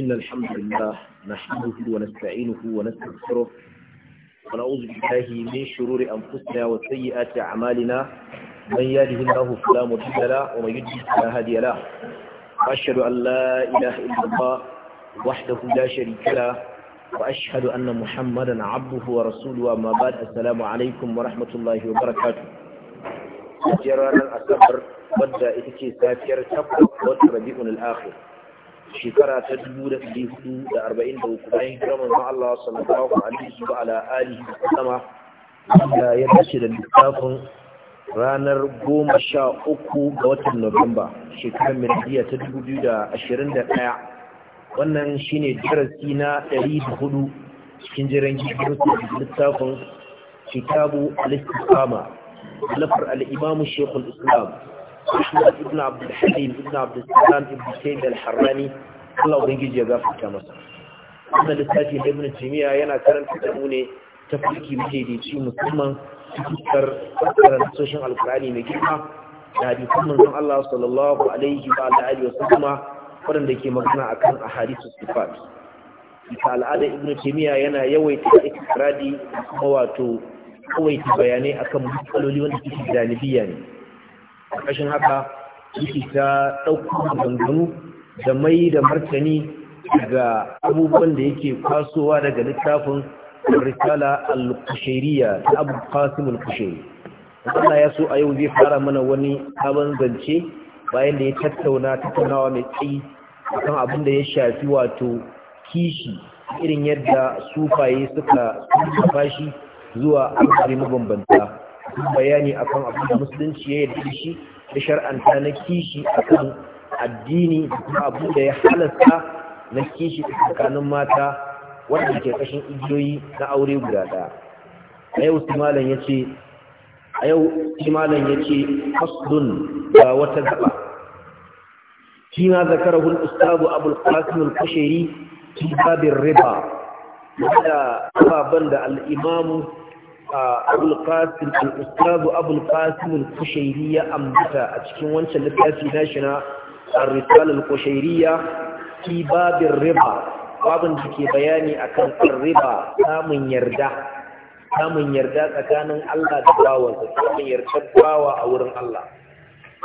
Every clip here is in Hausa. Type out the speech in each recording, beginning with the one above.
إن الحمد لله نحمده ونستعينه ونستغفره ونعوذ بالله من شرور أنفسنا وسيئات أعمالنا من يهده الله فلا مضل له ومن يضلل فلا هادي له وأشهد أن لا إله إلا الله وحده لا شريك له وأشهد أن محمدا عبده ورسوله أما بعد السلام عليكم ورحمة الله وبركاته جرانا الأكبر ودى إتكي سافر تبقى وتربيعنا الآخر shekara ta dubu da ɗari hudu da arba'in da uku bayan kira manzon Allah sallallahu alaihi wa ala alihi da sallama da ya dace da littafin ranar goma sha uku ga watan Nuwamba shekarar miladiya ta dubu biyu da ashirin da ɗaya wannan shi ne darasi na ɗari da hudu cikin jiran gidan littafin kitabu al-istiqama lafar al-imamu shekul islam Ahmad ibn Abdul Halim ibn Abdul Salam ibn Sayyid al-Harrani Allah ubangiji ya gafarta masa wannan littafi da Ibn Taymiyyah yana karanta da tafarki ne ta fuski madaidaici musamman fuskar karantoshin alkurani mai girma da hadisun manzon Allah sallallahu alaihi wa alihi wa waɗanda ke magana akan ahadisu sifat ta al'ada ibnu taymiya yana yawaita ikradi kuma wato yawaita bayanai akan matsaloli wanda suke janibiya ne ƙarshen haka yake ta ɗauko ganganu da mai da martani ga abubuwan da yake kwasowa daga littafin risala al-kushairiya ta abu qasim al-kushairi Allah ya so a yau zai fara mana wani sabon zance bayan da ya tattauna tattaunawa mai tsayi akan abin da ya shafi wato kishi irin yadda sufaye suka suka fashi zuwa alƙari mabambanta cikakken bayani akan abin da musulunci ya yi shi da shar'anta na kishi akan addini da abu da ya halasta na kishi tsakanin mata wanda ke kashin igiyoyi na aure guda ɗaya a yau simalan ya ce a yau simalan ya ce fasdun ga wata gaba فيما ذكره الأستاذ أبو القاسم القشيري في babin riba, هذا أبا da al'imamu. A qasim al kushairiya abul al ya a cikin wancan littafi na ar-risal al kushairiya fi babin riba babin da ke bayani akan riba samun yarda samun yarda tsakanin Allah da bawansa samun yarda bawa a wurin Allah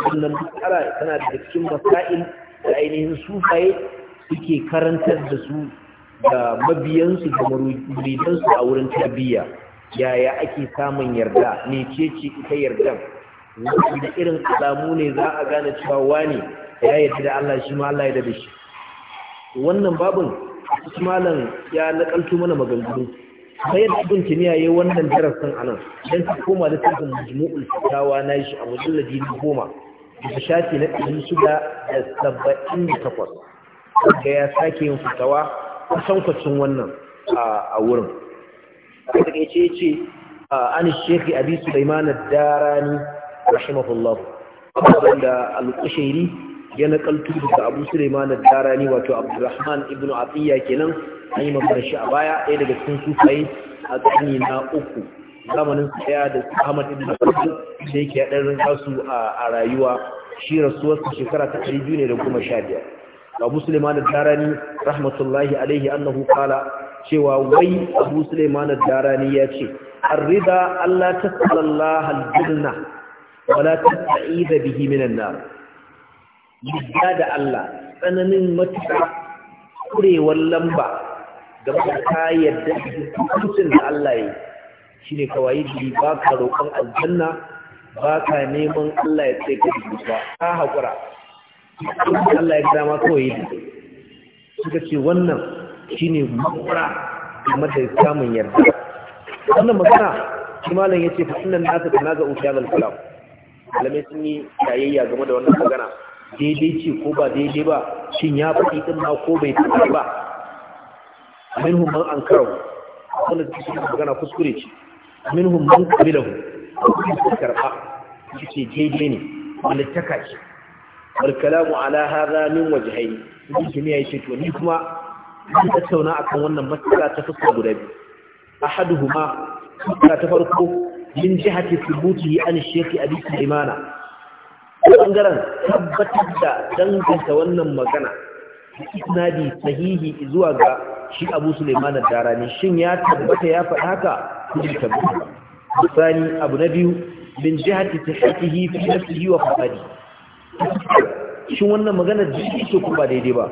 wannan matsala tana da cikin masail da ainihin sufaye suke karantar da su da mabiyansu da muridansu a wurin tarbiyya yaya ake samun yarda ne ce ita yardan da irin alamu ne za a gane cewa wani ya yarda da Allah shi ma Allah ya da shi wannan babun shi malam ya nakalto mana maganganu sai da ibn tuni yayi wannan darasin anan dan ka koma da tafsirin majmu'ul fatawa na shi a mujalladi na goma da shafi na 678 da ya sake yin fatawa kusan kwacin wannan a wurin a takaice ya ce an shekhi abi sulaiman darani rahimahullah wanda al-qushairi ya nakaltu daga abu sulaiman darani wato abdurrahman ibnu atiya kenan an yi magana shi a baya ɗaya daga cikin sufaye a tsani na uku zamanin tsaya da Ahmad ibn Abdul da yake ya ɗan rinka su a rayuwa shi rasuwarsa shekara ta 215 Abu Sulaiman ad-Darani rahmatullahi alaihi annahu qala cewa wai abu suleiman darani ya ce arrida allah ta sallallahu aljanna wala ta da bihi minan nar yadda da allah tsananin matuƙa kurewar lamba ga ta yadda hukuncin da allah ya yi shi ne kawai biyu ba ka roƙon aljanna ba ka neman allah ya tsaye ka ba Ta haƙura Allah ya gida ma kawai yi suka ce wannan shine makura game da samun yarda wannan magana shi malam yace fa innan nasa tanaza ukiyal al-kalam malamai sun yi tayayya game da wannan magana daidai ce ko ba daidai ba shin ya faɗi din ma ko bai faɗi ba minhum man ankara wanda shi magana kuskure ce minhum man qabilahu karɓa. karba ce daidai ne Wani taka ce wal kalamu ala hadha min wajhayn ibn jami'a ce to ni kuma an tattauna akan wannan matsala ta fuska guda biyu ahaduhuma fuska ta farko min jihati thubuti an shaykh abi sulaimana bangaren tabbatar da danganta wannan magana isnadi sahihi zuwa ga shi abu sulaimana darani shin ya tabbata ya faɗa haka kuma tabbata misali abu na biyu min jihati sihhatihi fi nafsihi wa fadi shin wannan magana jiki ce ko ba daidai ba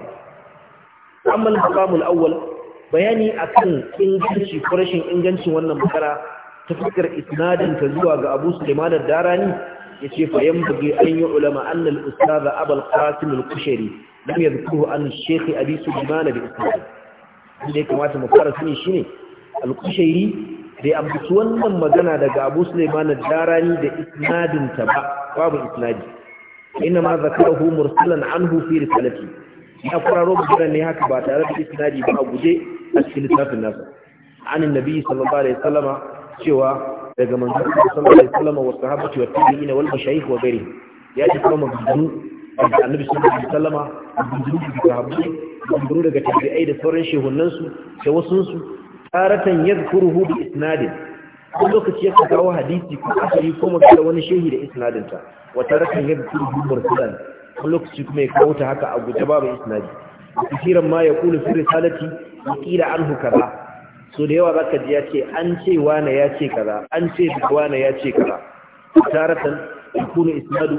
amma al awwal bayani akan inganci ko rashin ingancin wannan makara ta fikar isnadin ta zuwa ga Abu Sulaiman ad-Darani yace fa yanbaghi an yi ulama anna al-ustadh Abu al-Qasim al-Kushairi lam yadhkuru an al a Abi Sulaiman bi isnad inda kamata mu fara sani shine al qushairi bai ambaci wannan magana daga Abu Sulaiman ad-Darani da isnadin ta ba babu isnadi inma zakarahu mursalan anhu fi risalatihi ya kwararo maganar ne haka ba tare da isnadi ba a guje a cikin littafin nasa an annabi sallallahu alaihi wasallama cewa daga manzon sallallahu alaihi wasallama wa sahabati wa tabi'ina wal mashayikh wa ghairi ya ji kuma maganganu daga annabi sallallahu alaihi wasallama maganganu daga sahabbai maganganu daga tabi'ai da sauran shehunan su da wasu su taratan yadhkuruhu bi isnadin ko lokaci ya kawo hadisi ko asali ko magana wani shehi da isnadin ta wa taratan yadhkuruhu mursalan lokaci kuma ya kawo ta haka a guje babu isnadi kiran ma ya kulu fi risalati qila anhu kaza so da yawa zaka ji ya ce an ce wani ya ce kaza an ce wani ya ce kaza taratan yakunu isnadu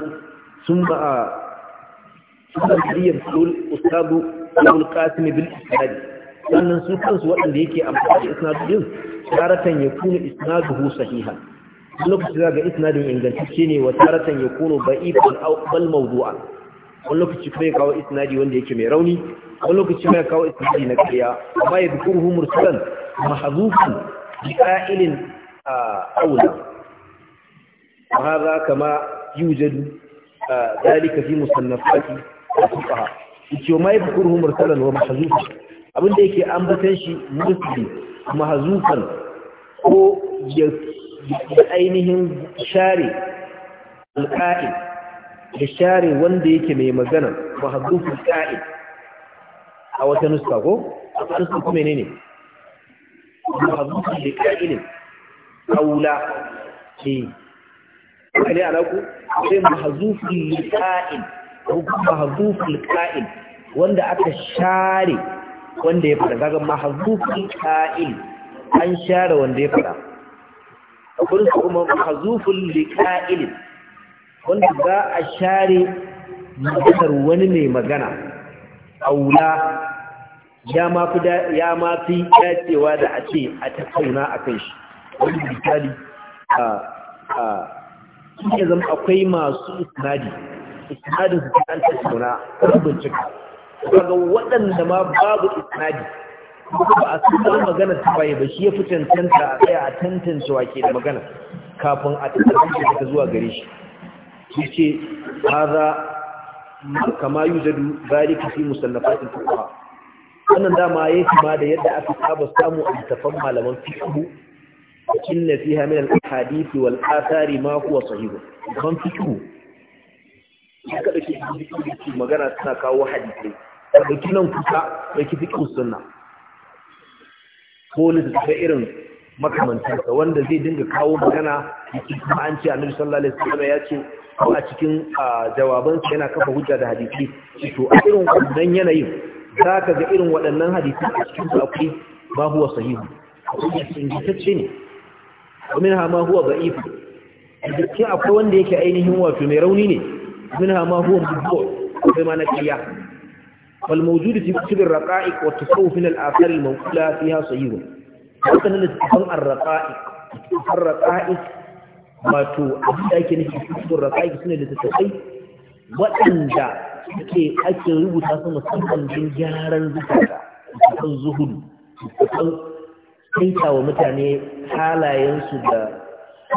thumma sunan kariyar ustadu abul qasim bil isnadi sannan su kansu waɗanda yake amfani da isnadu din taratan yakunu isnaduhu sahihan lokacin da ga isnadin ingantacce ne wa taratan ya da'ifan ba'i bal mawdu'an wani lokaci kuma ya kawo isnadi wanda yake mai rauni wani lokaci kuma ya kawo isnadi na kariya amma ya bikin ruhu mursalan mahazufan bi ƙa'ilin aula wa hadha kama yujadu dalika fi musannafati al-fuqaha yace ma yadhkuruhu mursalan wa mahzufan abinda yake ambatan shi mursali mahzufan ko ya ainihin share al-qa'il bishari wanda yake mai magana mahduful ka'i a wata nuska ko a nuska kuma da ka'i ne kaula ce kale alaku sai da ka'i ko mahduful ka'i wanda aka share wanda ya fada kaga mahduful ka'i an share wanda ya fara akwai kuma mahduful liqa'id wanda za a share maganar wani mai magana a wula ya ma fi da a ce a tattauna a kai shi wani misali a a ya zama akwai masu isnadi isnadin su ta an tattauna rubin cika daga waɗanda ma babu isnadi ba a san magana ta baye ba shi ya fi cancanta a tsaya a tantance ke da magana kafin a da ta zuwa gare shi yace hadha kama yujadu zalika fi musallafatil fuqaha wannan dama yayi ma da yadda aka saba samu a tafan malaman fiqh inna fiha min al-ahadith wal athari ma huwa sahih kan fiqh kada ki fiqh magana suna kawo hadisi da kinan kusa da ki fiqh sunna ko ne da irin makamantansa wanda zai dinga kawo magana cikin ma'anci a ce annabi sallallahu alaihi wasallam ya ce a cikin jawabansa yana kafa hujja da hadisi to a irin wannan yanayin za ka ga irin waɗannan hadisi a cikin su akwai ma huwa sahihu cikin ingantacce ne ومنها ما huwa ضعيف gaskiya akwai wanda yake ainihin wato mai rauni ne minha ma huwa mabdu' akwai ma na kiya wal mawjud fi kutub raqaiq wa tasawuf min al-athar al-mawqula fiha waɗannan littafin arraƙa'i arraƙa'i wato abin da ake nufi cikin raƙa'ik suna littattafai waɗanda suke ake rubuta su musamman don gyaran zukata littattafan zuhudu littattafan saita wa mutane halayensu da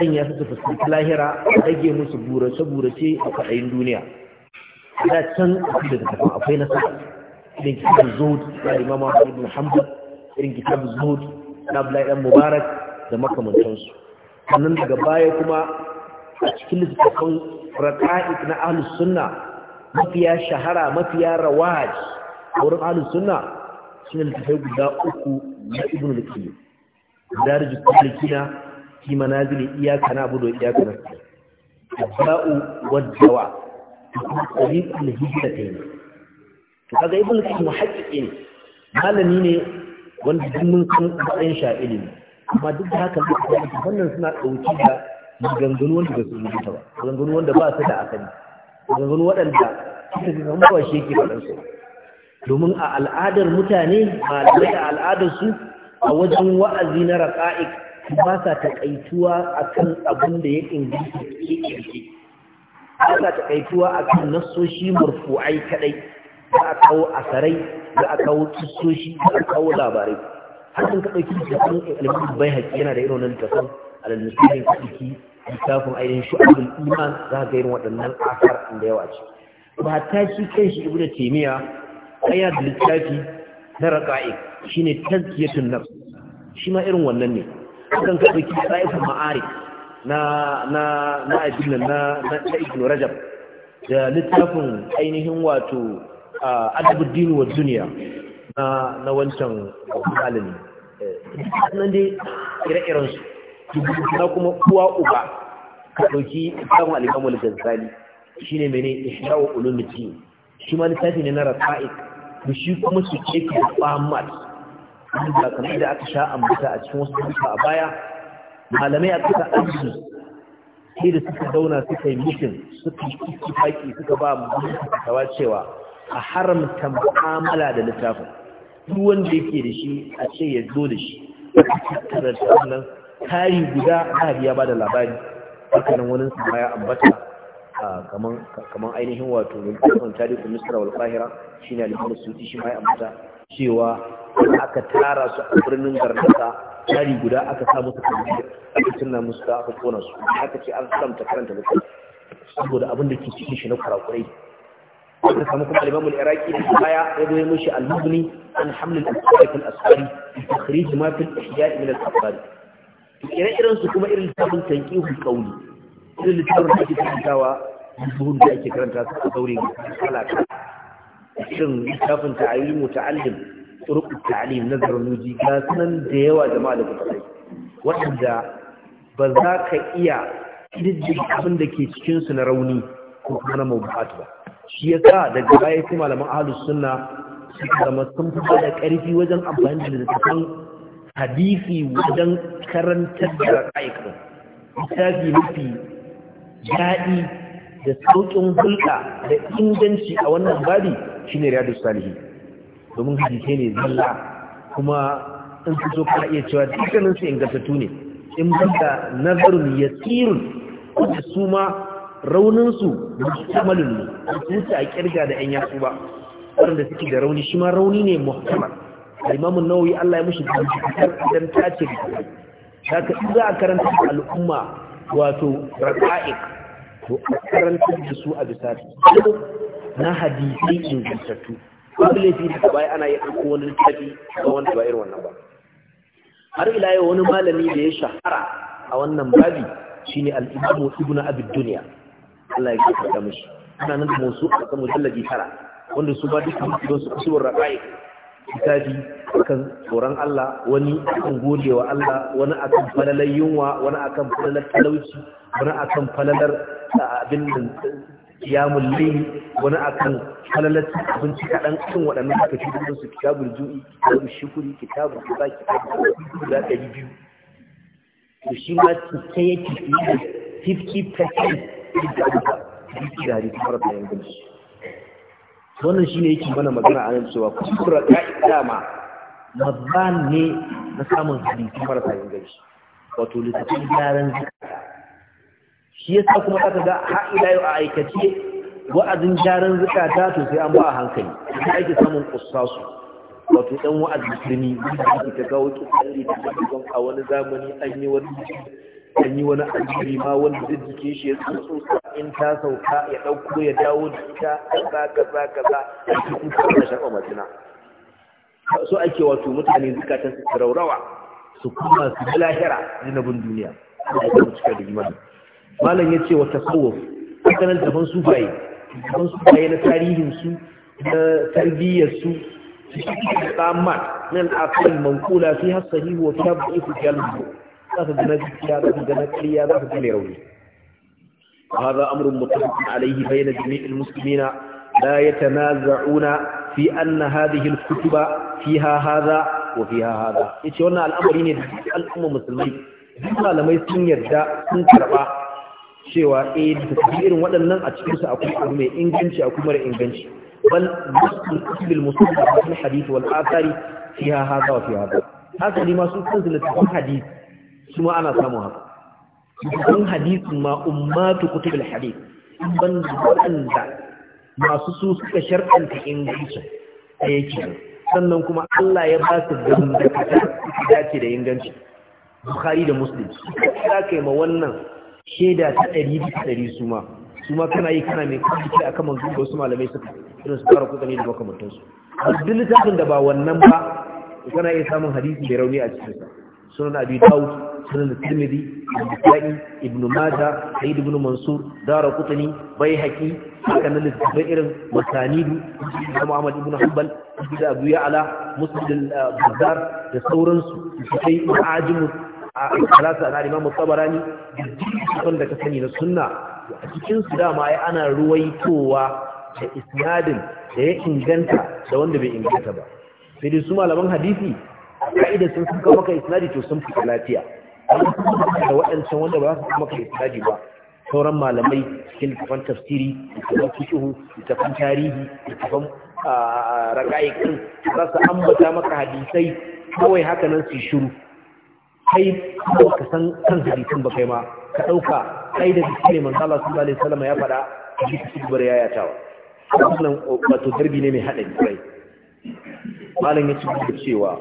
sanya su su fuskanci lahira a rage musu burace-burace a kwaɗayin duniya da can da daga akwai nasara irin kitab zuhud da imam ahmad ibn hanbal irin kitab zuhud na Abdullahi dan Mubarak da makamantansu sannan daga baya kuma a cikin littattafan raqa'iq na ahlus sunna mafiya shahara mafiya rawaj wurin ahlus sunna suna littattafai guda uku na Ibn al-Qayyim Darajul Salikina fi manazil iyaka na abu da iyaka na Abba'u wad-dawa طريق الهجرتين kaga ibn qayyim muhaqqiqi ne malami ne wanda duk mun san ba'in sha ilimi amma duk da haka wannan suna ɗauki da maganganu wanda ba su rubuta ba maganganu wanda ba su da asali maganganu waɗanda suka fi zama ba shi yake faɗan su domin a al'adar mutane malamai a al'adar su a wajen wa'azi na raƙa'ik ba sa taƙaituwa a kan abin da ya inganta ƙirƙirƙi ba sa taƙaituwa a kan nassoshi murfu'ai kaɗai ba a kawo asarai za a kawo soshi da a kawo labarai Hakan sun kaɗa kiri da kan alimin bai haƙi yana da irin wannan tafan alalmisalin kiki littafin ainihin shu'abul iman za ga irin waɗannan asar da yawa ce ba ta shi kan shi da taymiya ɗaya da littafi na shi shine tazkiyatun nafs shi ma irin wannan ne kan ka dauki sa'iful ma'arif na na na na na rajab da littafin ainihin wato dini wa duniya na na wancan malami nan dai ire-iren su na kuma kuwa uba ka dauki kan al-Imam al-Ghazali shine mene ihya'u ulumuddin shi ma littafi ne na rafa'iq da shi kuma su ce ke mat, da kamar da aka sha ambata a cikin wasu duka a baya malamai a cikin arziki sai da suka dauna suka yi mutum suka yi suka ba mu fatawa cewa a haramta mu'amala da littafin duk wanda yake da shi a ce ya zo da shi tattara da wannan tari guda zahabi ya bada labari hakanan wani sama ya ambata Kamar ainihin wato littafin tarihin misra wal qahira Shi al-imam suti shi ma ya ambata cewa aka tara su a birnin garnata tari guda aka sa musu kamar aka tunna musu da aka kona su aka ce an samta karanta littafin saboda abin da ke cikin shi na kurakurai wanda samu kuma alimamu iraki da baya ya zo ya mushi al-mubni an hamlin al-asari al-asari takhrij ma fil ihya min al-asari ire iren su kuma irin tabun tanqihu qawli irin littafin da ake karantawa zuhun da ake karanta su a daure kala irin littafin ta'alim muta'allim turuq at-ta'lim nazar nuji ga sanan da yawa jama'a da kuka wanda ba za ka iya kididdig abin da ke cikin su na rauni ko kuma na mawdu'at ba shi ya sa daga baya sai malaman ahalus sunna suka zama sun fi da ƙarfi wajen amfani da littattafan hadisi wajen karantar da ra'ayyukan littafi mafi daɗi da sauƙin hulɗa da inganci a wannan babi shine riyadu salihi domin hadisai ne zalla kuma in su so iya cewa su ingantattu ne in banda nazarin yasirun kuma su ma rauninsu muhtamalin ne su wuce a kirga da 'yan yatsu ba waɗanda suke da rauni shi ma rauni ne muhammad. alimamin nauyi Allah ya mushi bincikar idan ta ce da ka za a karanta al'umma wato raka'ik to a karanta da su a bisa na hadisai ingantattu babu laifi da bai ana yi ɗauko wani littafi ga wani ba irin wannan ba har ila yau wani malami da ya shahara a wannan babi shine al-imamu ibnu abid duniya Allah ya gafarta mishi ana nan da musu a kan mujalladi tara wanda su ba duka mutum su kusurwar raƙa'i kitabi akan tsoron Allah wani akan godewa Allah wani akan falalar yunwa wani akan falalar talauci wani akan falalar abin da ya layi wani akan falalar abinci kaɗan cikin waɗannan aka ci dukkan su kitabul ju'i kitabul shukuri kitabul kaza kitabul guda ɗari biyu to shi ma ta yake fiye da 50% wannan shi ne yake mana magana a nan cewa kuskura ka'ida ma mazan ne na samun hadisi marasa yankunci wato littafin gyaran zikata shi ya sa kuma aka ga ha'ila yau a aikace wa'azin gyaran zikata to sai an ba a hankali sai ake samun kusasu wato ɗan wa'azin kirmi wanda ake ta kawo kitan littafin a wani zamani an yi wani an yi wani alheri ma wanda zai jike shi ya tsotso in ta sauka ya ɗauko ya dawo da ita kaza kaza ba a cikin kuma shafa majina so ake wato mutane zukatan su raurawa su kuma su bi lahira zinabin duniya da ake cika da malam ya ce wata tasawuf tsakanin daban su sufaye daban baye na su na tarbiyyar su shi da tsamman nan kan mankula sai hasari wa fi har ba'ifu za ka gana gaskiya za ka gana ƙarya za ka gane rauni هذا أمر متفق عليه بين جميع المسلمين لا يتنازعون في أن هذه الكتب فيها هذا وفيها هذا يتشون الأمر هنا الأمم المسلمين duk malamai sun yarda sun karba cewa eh da irin waɗannan a cikin su akwai abu mai inganci akwai mara inganci bal basul kutubil musulma fil hadith wal athari fiha hadha wa fiha ma su kansu littafin hadith su ma ana samun haka dukkan hadisin ma ummatu kutubul hadis in ban wanda masu su suka sharɗanta ingancin a yake sannan kuma Allah ya ba su gandakata suka dace da inganci Bukhari da Muslim za ka yi ma wannan shaida ta ɗari bisa ɗari su ma su ma kana yi kana mai kwanci a kan manzon da wasu malamai suka irin su fara kutsami da makamantansu duk littafin da ba wannan ba kana iya samun hadisi mai rauni a cikinsa sunan Abi Dawud sunan da al-bukhari ibn majah sa'id ibn mansur dara qutni baihaqi haka nan littafai irin masanidu da muhammad ibn hanbal da abu ya'la muslim al-bazzar da sauransu sai ma'ajimu a salasa na imamu tabarani da dukkan da ka sani na sunna a cikin su dama ai ana ruwaitowa da isnadin da ya inganta da wanda bai inganta ba sai dai su malaman hadisi ka'idar sun suka maka isnadi to sun fita lafiya da waɗancan wanda ba su maka islaji ba sauran malamai cikin littafan tafsiri littafan fikihu littafan tarihi littafan raka'ikin za su ambata maka hadisai kawai haka nan su shiru kai kuma ka san kan hadisin ba kai ma ka ɗauka kai da jiki ne manzo Allah sallallahu alaihi wasallam ya faɗa ji ka cikin bare yayatawa wannan wato darbi ne mai haɗari kai malam ya ci cewa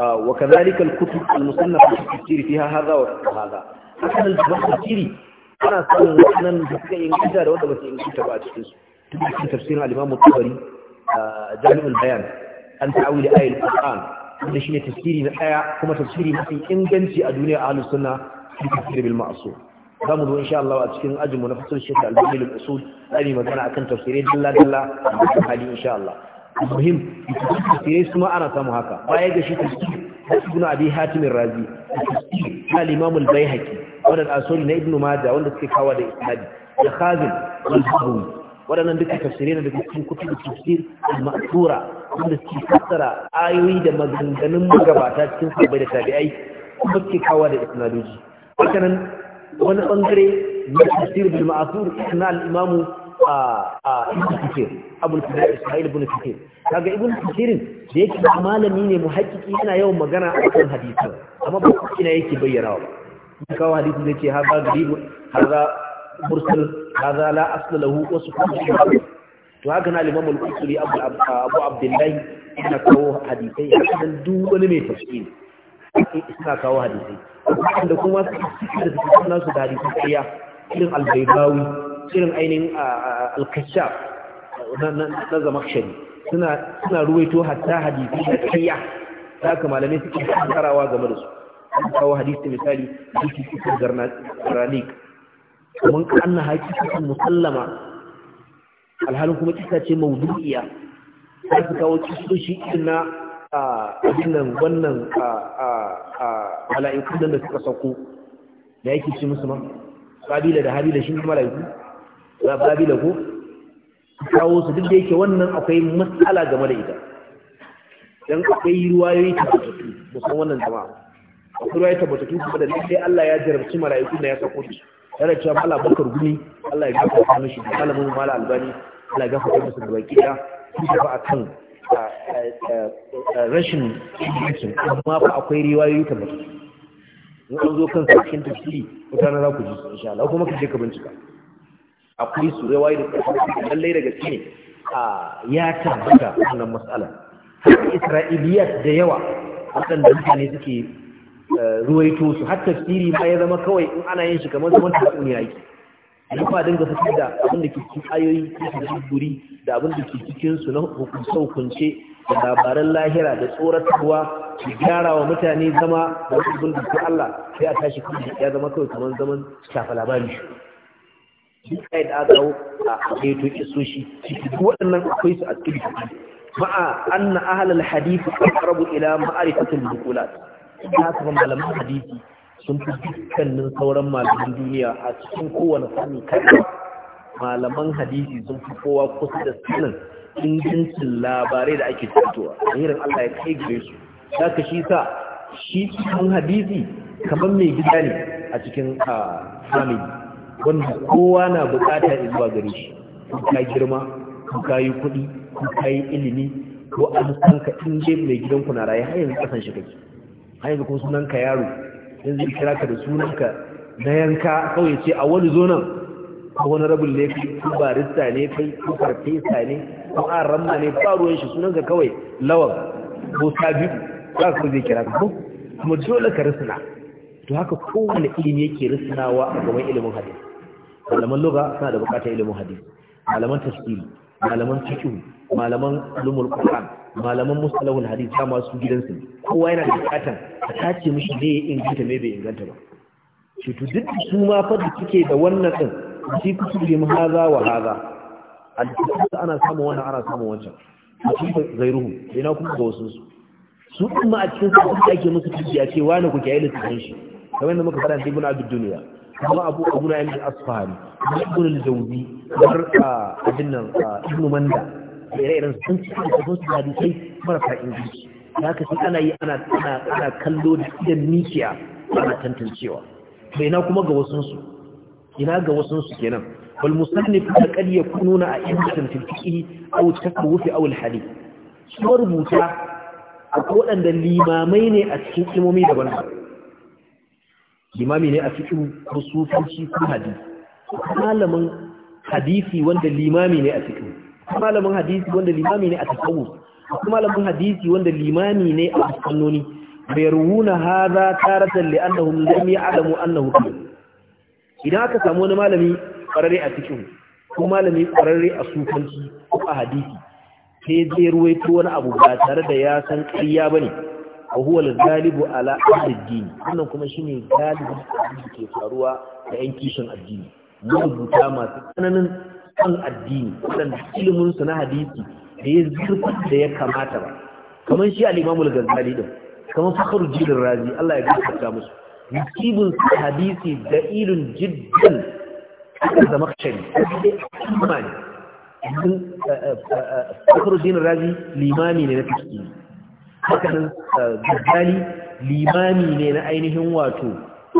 وكذلك الكتب المصنفة في التفسير فيها هذا وهذا حسن البخاري ana samun wannan da suka inganta da wanda ba su inganta ba a cikin su tun cikin tafsirin al-Imam Tabari Jami'ul Bayan an ta'awili ayatul Qur'an wanda shine tafsiri na daya kuma tafsiri mafi inganci a duniya ahlus sunna fi tafsir bil ma'sum za mu zo insha a cikin ajin mu na fasal shekara al-Bani al-Usul zai magana akan tafsirin dalla dalla a cikin hali insha Allah muhim sai su ma ana samu haka baya ga shi tafsir ibn abi hatim razi tafsir na al-imam al-baihaqi wannan asali na ibn majah wanda suke kawo da isnadi da khazin al-bahawi wadannan duka tafsirai ne daga cikin kutubu tafsir al-ma'thura wanda suke fassara ayoyi da maganganun magabata cikin sahabbai da tabi'ai kuma suke kawo da isnadoji hakanan wani bangare na tafsir bil ma'thur na al-imam ibn kafir abul fida ismail ibn kafir kaga ibn kafir da yake malami ne muhakkiki yana yawan magana a kan hadisi amma ba ina yake bayyana ba kawo hadisi da ce haza garibu haza mursal la asla lahu wa sukun to haka na limam al abu abu abdullahi ina kawo hadisai haka duk wani mai tafsiri suna kawo hadisai da kuma suka da su nasu da hadisai irin al irin ainihin alkashaf na zamakshari suna ruwaito hatta hadisi da kayya da aka malamai suke karawa game da su an kawo hadisi misali hadisi cikin garnalik Kuma ka anna haƙi cikin musallama alhalin kuma kisa ce maudu'iya za su kawo kisoshi irin na nan wannan mala'ikun da suka sauko da yake ci musu ma ƙabila da habila shi ne mala'iku wa babila ko kawo su duk da yake wannan akwai matsala game da ita dan akwai ruwayoyi tabbatattu musamman wannan jama'a akwai ruwayoyi tabbatattu kuma da dai Allah ya jarabci marayu da ya sako su yana cewa mala bakar guni Allah ya gafarta shi da malamin mala albani Allah ya gafarta musu da baki da su a kan rashin ingancin amma fa akwai riwayoyi tabbatattu in an zo kan sakin tafsiri mutane za ku ji insha Allah kuma ka je ka bincika akwai su rawaye da lallai daga cikin ya tabbata wannan matsala har isra'iliyat da yawa waɗanda mutane suke eh, ruwaito su har tafsiri ma ya zama kawai in ana yin shi kamar zaman tatsuniya yake Ya ba dinga fitar da abin da ke cikin ayoyi da cikin guri da abin da ke cikin su na hukunce-hukunce da labaran lahira da tsoratarwa su gyara wa mutane zama da wasu abin Allah sai a tashi kuma ya zama kawai kamar zaman shafa labari duk kai da aka a kaito isoshi duk waɗannan akwai su a cikin hadisi ma'a anna ahlal hadisi aqrabu ila ma'rifati al Ya kuma malaman hadisi sun fi dukkanin sauran malaman duniya a cikin kowane sami kai malaman hadisi sun fi kowa kusa da sanin ingancin labarai da ake tattowa a hirin Allah ya kai gare su ka shi sa shi cikin hadisi kamar mai gida ne a cikin ah, family wanda kowa na bukata zuwa gare shi ka girma ka yi kuɗi ka yi ilimi ko an san ka in je mai gidanku na raye har yanzu kasan shi kake har yanzu ko sunan ka yaro yanzu kira ka da sunan ka na yanka kawai ce a wani zo nan ko wani rabin ne kai ko barista ne kai ko farfesa ne ko an ramma ne ba ruwan shi sunan ka kawai lawan ko sabi za ka zai kira ka ko kuma dole ka risna to haka kowane ilimi yake risnawa a gaban ilimin hadisi malaman lugha suna da bukatar ilimin hadisi malaman tafsiri malaman fiqh malaman ulumul qur'an malaman mustalahul hadisi dama su gidansu kowa yana da bukatan a tace mishi ne in inganta me bai inganta ba shi to duk su ma fa da kike da wannan din shi kuke bi mu haza wa haza al ana samu wannan ana samu wancan a cikin zairuhu ina kuma ga wasu su su kuma a cikin su ake musu tijiya ce wani ku kiyaye littafin shi kamar yadda muka fara ibn abdul duniya kuma abu abu na ilmi asfahani da gudun al-jawzi kamar ah, abin nan ah, ibn manda da ire-iren sun ci da sun su hadisai marasa inganci da haka sai ana yi ana ana kallo da idan mikiya ana tantancewa bai na kuma ga wasu su ina ga wasu su kenan wal musannif da kad yakununa a ibn fiqh aw tasawuf aw al-hadith su rubuta akwai waɗanda limamai ne a cikin imomi daban-daban limami ne a cikin ko sufanci ko hadisi malamin hadisi wanda limami ne a cikin malamin hadisi wanda limami ne a tasawuf malamin hadisi wanda limami ne a fannoni bai ruhuna hadha taratan li annahum lam ya'lamu annahu idan aka samu wani malami ƙwararre a cikin ko malami ƙwararre a sufanci ko a hadisi sai zai ruwaito wani abu ba tare da ya san ƙarya bane wa huwa al-ghalibu ala wannan kuma shine galibi da ke faruwa da yan kishin addini rubuta masu tsananin san addini wadanda ilimin su na hadisi da ya zurfa da ya kamata ba kamar shi al-Imam ghazali din kamar Fakhruddin Razi Allah ya gafarta musu nasibun hadisi da'ilun jiddan da zamakshari eh, eh, eh, Fakhruddin Razi limami ne na fiqh hakanan gajali eh, limami ne na ainihin wato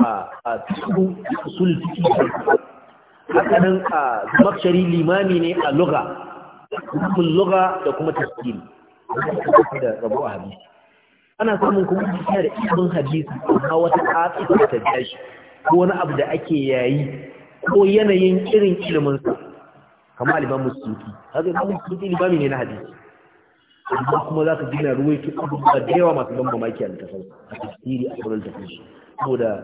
a tuku usul fiki hakanan a makshari limami ne a luga hukun luga da kuma tafsiri da rabu a hadisi ana samun kuma tafiya da ilimin hadisi amma wata ƙasa ta tashi ko wani abu da ake yayi ko yanayin irin ilimin sa kamar alimamu suki haka alimamu suki limami ne na hadisi amma kuma za ka gina ruwaito abubuwa da yawa masu ban mamaki a littafin a a sauran tafin shi saboda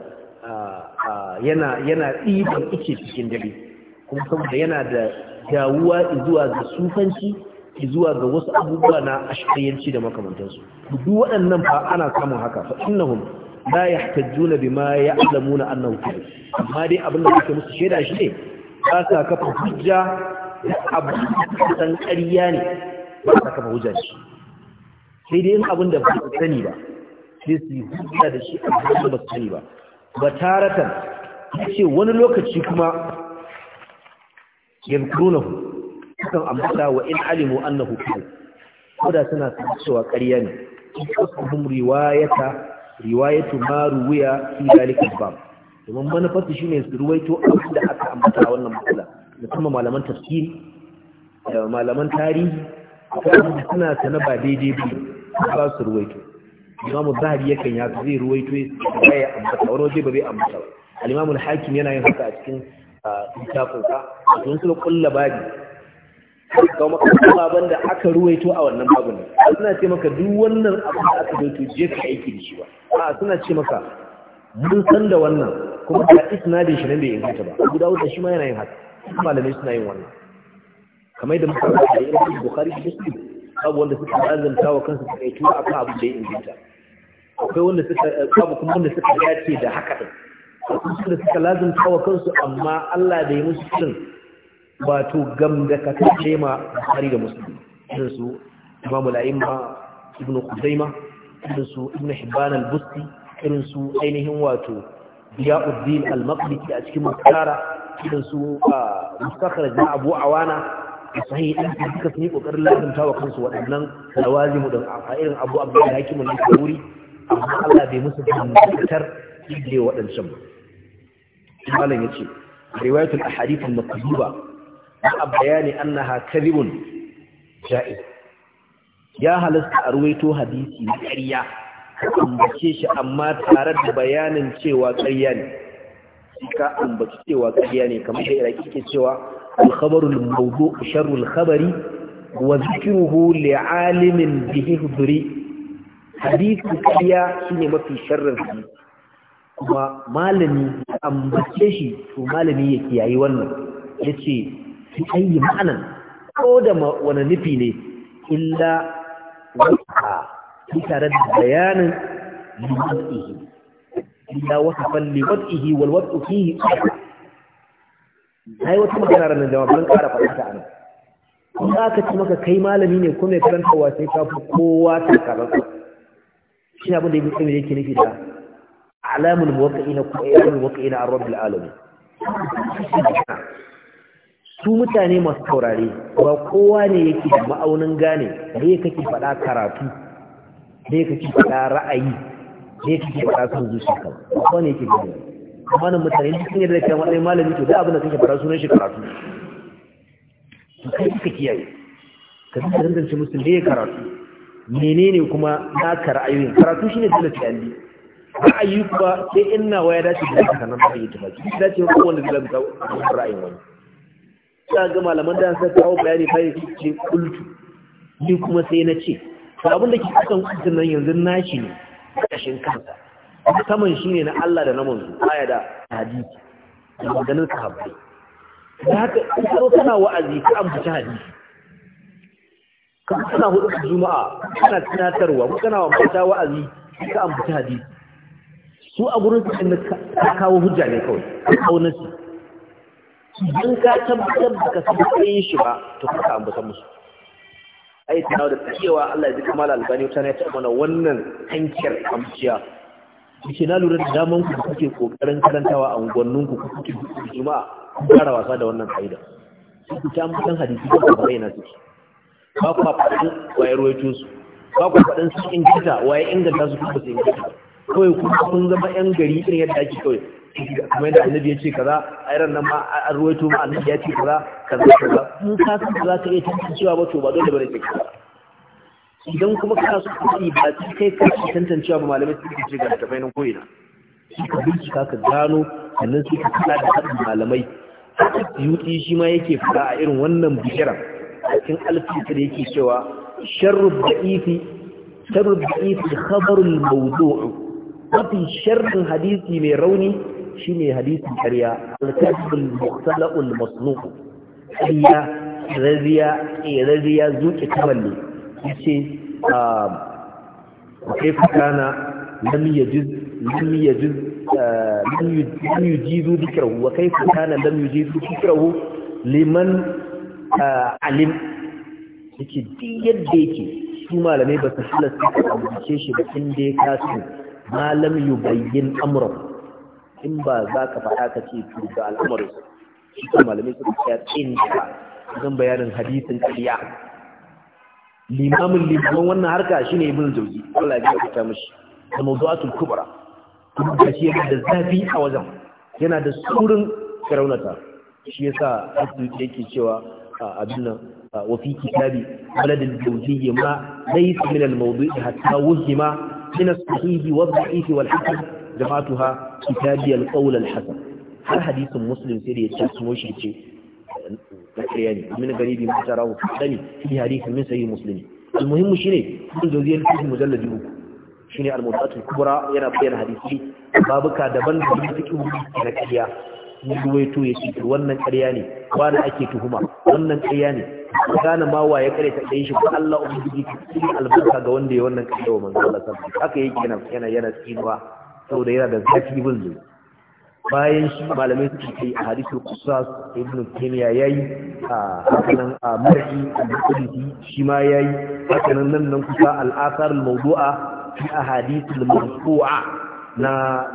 yana yana ɗiban ike cikin dare kuma saboda yana da jawuwa zuwa ga sufanci zuwa ga wasu abubuwa na ashkayyanci da makamantansu duk waɗannan fa ana samun haka fa innahum la yahtajjuna bima ya'lamuna annahu kadhib amma dai abin da kake musu shaida shi ne ba sa kafa hujja da abu san ƙarya ne ba a kafa hujja shi sai dai in abin da ba su sani ba sai su yi hujja da shi a hujja ba su sani ba ba taratan ya ce wani lokaci kuma hu sukan ambata wa in alimu annahu kuma ko da suna cewa ƙarya ne kasuhum riwayata riwayatu ma ruwiya fi dalika bab domin manufarsu shine su ruwaito abin da aka ambata a wannan matsala musamman malaman tafsiri malaman tarihi akwai suna sana ba daidai bi ba su ruwaito imamu zahabi yakan ya zai ruwaito ya ya ambata wani waje ba zai ambata ba al hakim yana yin haka a cikin littafin sa wato sun kulla babi ga makarantar baban da aka ruwaito a wannan babu ne suna ce maka duk wannan abu da aka ruwaito je ka aiki da shi ba a suna ce maka mun san da wannan kuma da isnadin shi nan bai inganta ba guda wuta shi ma yana yin haka malamai suna yin wannan kamar da muka faɗa da irin bukari da Muslim babu wanda suka azanta wa kansu suka yi tura akan abin da ya inganta akwai wanda suka babu kuma wanda suka dace da haka din wanda suka lazanta wa kansu amma Allah da ya musu din wato gamdakata ce ma Bukhari da Muslim irin su Imam al-A'imma Ibn Khuzaimah irin su Ibn Hibban al-Busti irin su ainihin wato Diyauddin al-Maqdisi a cikin Bukhara irin su ah, Mustakhraj na Abu Awana a sahi ɗin da suka sun yi ƙoƙarin lazimta wa kansu waɗannan mu da a irin abu abu ya hakimin da ke wuri amma Allah bai musu da dangantakar ijiye waɗancan ba malam ya ce a riwayatul ahadithul na a bayani annaha kadhibun ja'iz ya halasta a ruwaito hadisi na ƙarya ka ambace shi amma tare da bayanin cewa ƙarya ne ka ambace cewa ƙarya ne kamar da iraki ke cewa الخبر الموضوع شر الخبر وذكره لعالم به هدري حديث كريا شنو ما في شر الحديث كما مالني أمبتشي ومالني يكي أي ون يكي في أي معنى أو دم وانا نبيني إلا وقع لترى البيان لوضعه إلا وقفا لوضعه والوضع فيه أحد na yi wata magana ranar jama'a ban ƙara faɗa ta anan kun aka ci maka kai malami ne kuma ya wa sai ka fi kowa ta karanta shi abin da ya fi yake nufi da alamun muwaƙa'ina ko ayyukan muwaƙa'ina a rabbil alamin su mutane masu taurare ba kowa ne yake da ma'aunin gane da kake faɗa karatu da kake faɗa ra'ayi da kake faɗa son zuciya ba kowa ne yake gane amanin mutane duk sun yi da kyan wani malami to da abin da kake fara sunan shi karatu to kai suka kiyaye ka duka dandance musulun da ya karatu menene kuma na karayi karatu shi ne dole yi ra'ayi kuma sai in waya ya dace da haka nan ba yi ta baki ya dace ko wanda zai ga ra'ayin wani ta ga malaman da sai kawo bayani bai ce kultu ni kuma sai na ce to abin da ke kasan kultun nan yanzu nashi ne kashin kansa saman ne na Allah da na manzo aya da hadisi da maganin sahabbai da haka idan kana wa'azi ka ambaci hadisi kan kana hudu juma'a kana tunatarwa ko kana wa mata wa'azi ka ambaci hadisi su a gurin su ka kawo hujja ne kawai ka kawo nasi idan ka tabbatar da ka san kai shi ba to ka ambata musu ai tunawa da cewa Allah ya ji kamala albani ta ne ta mana wannan hankiyar amciya yake na lura da daman ku kuke kokarin karantawa a unguwannin ku kuke juma'a ku fara wasa da wannan kaida ku ta mutan hadisi ko ba yana su ba ku faɗin waye ruwaito su ba ku faɗin su inganta waye inganta su kuma su inganta kawai ku kun zama yan gari irin yadda ake kawai kamar yadda annabi ya ce kaza a ran nan ma a ruwaito ma annabi ya ce kaza kaza kaza mun ka san za ka iya tantancewa ba to ba dole bane ce kaza idan kuma kana so ka ci ba ci kai ka ci tantancewa ba malamai su ke shiga da koyi na. shi ka bincika ka gano sannan sai ka kula da haɗin malamai yuti shi ma yake fada a irin wannan bishira a cikin alfisa da yake cewa sharru da'ifi sharru da'ifi khabarul mawdu'u mafi sharrin hadisi mai rauni shine hadisin ƙarya al masnu'u mukhtala'ul masnuq ƙarya raziya ƙiraziya zuƙi ne. yace كيف كان لم يجد لم يجد لم يجيز ذكره وكيف كان لم يجيز ذكره liman eh, alim yake duk yadda yake su malamai ba su halasta a rubuce shi ba inda ya kasu malam yu bayyin in ba za ka faɗa ka ce to da al'amarin shi malamai suka ce inda zan bayanin hadisin ƙarya limamin limamin wannan harka shine ibn jauzi Allah ya gafarta mishi da mawdu'atul kubra kuma da shi yana da zafi a wajen yana da surin karaunata shi yasa asibiti yake cewa abin nan wa fi kitabi baladul jauzi ma laysa min al-mawdu'i hatta wuhima min as-sahih wa ad wal hasan jama'atuha kitabi al-qawl al-hasan har hadisin muslim sai da ya tsamo shi ce na ƙarya ne min garibi ma tarahu dani fi hadithin min sahih muslim almuhimmu shine ibn jawziya fi mujallad uku shine al kubra yana bayyana hadisi babuka daban da cikin na kariya. ni ruwaito ya ce wannan kariya ne wani ake tuhuma wannan kariya ne Gana ma wa ya kare ta ɗayan shi Allah ubangiji ka tsiri albarka ga wanda ya wannan kariya wa manzo Allah sallallahu alaihi wasallam haka yake yana yana yana tsinuwa saboda yana da zafi bin zuwa bayan shi malamai suke kai a hadisul qisas ibn taymiya yayi a hakanan a mar'i al-qudsi shi ma yayi hakanan nan nan kusa al-athar al-mawdu'a fi ahadith al-marfu'a na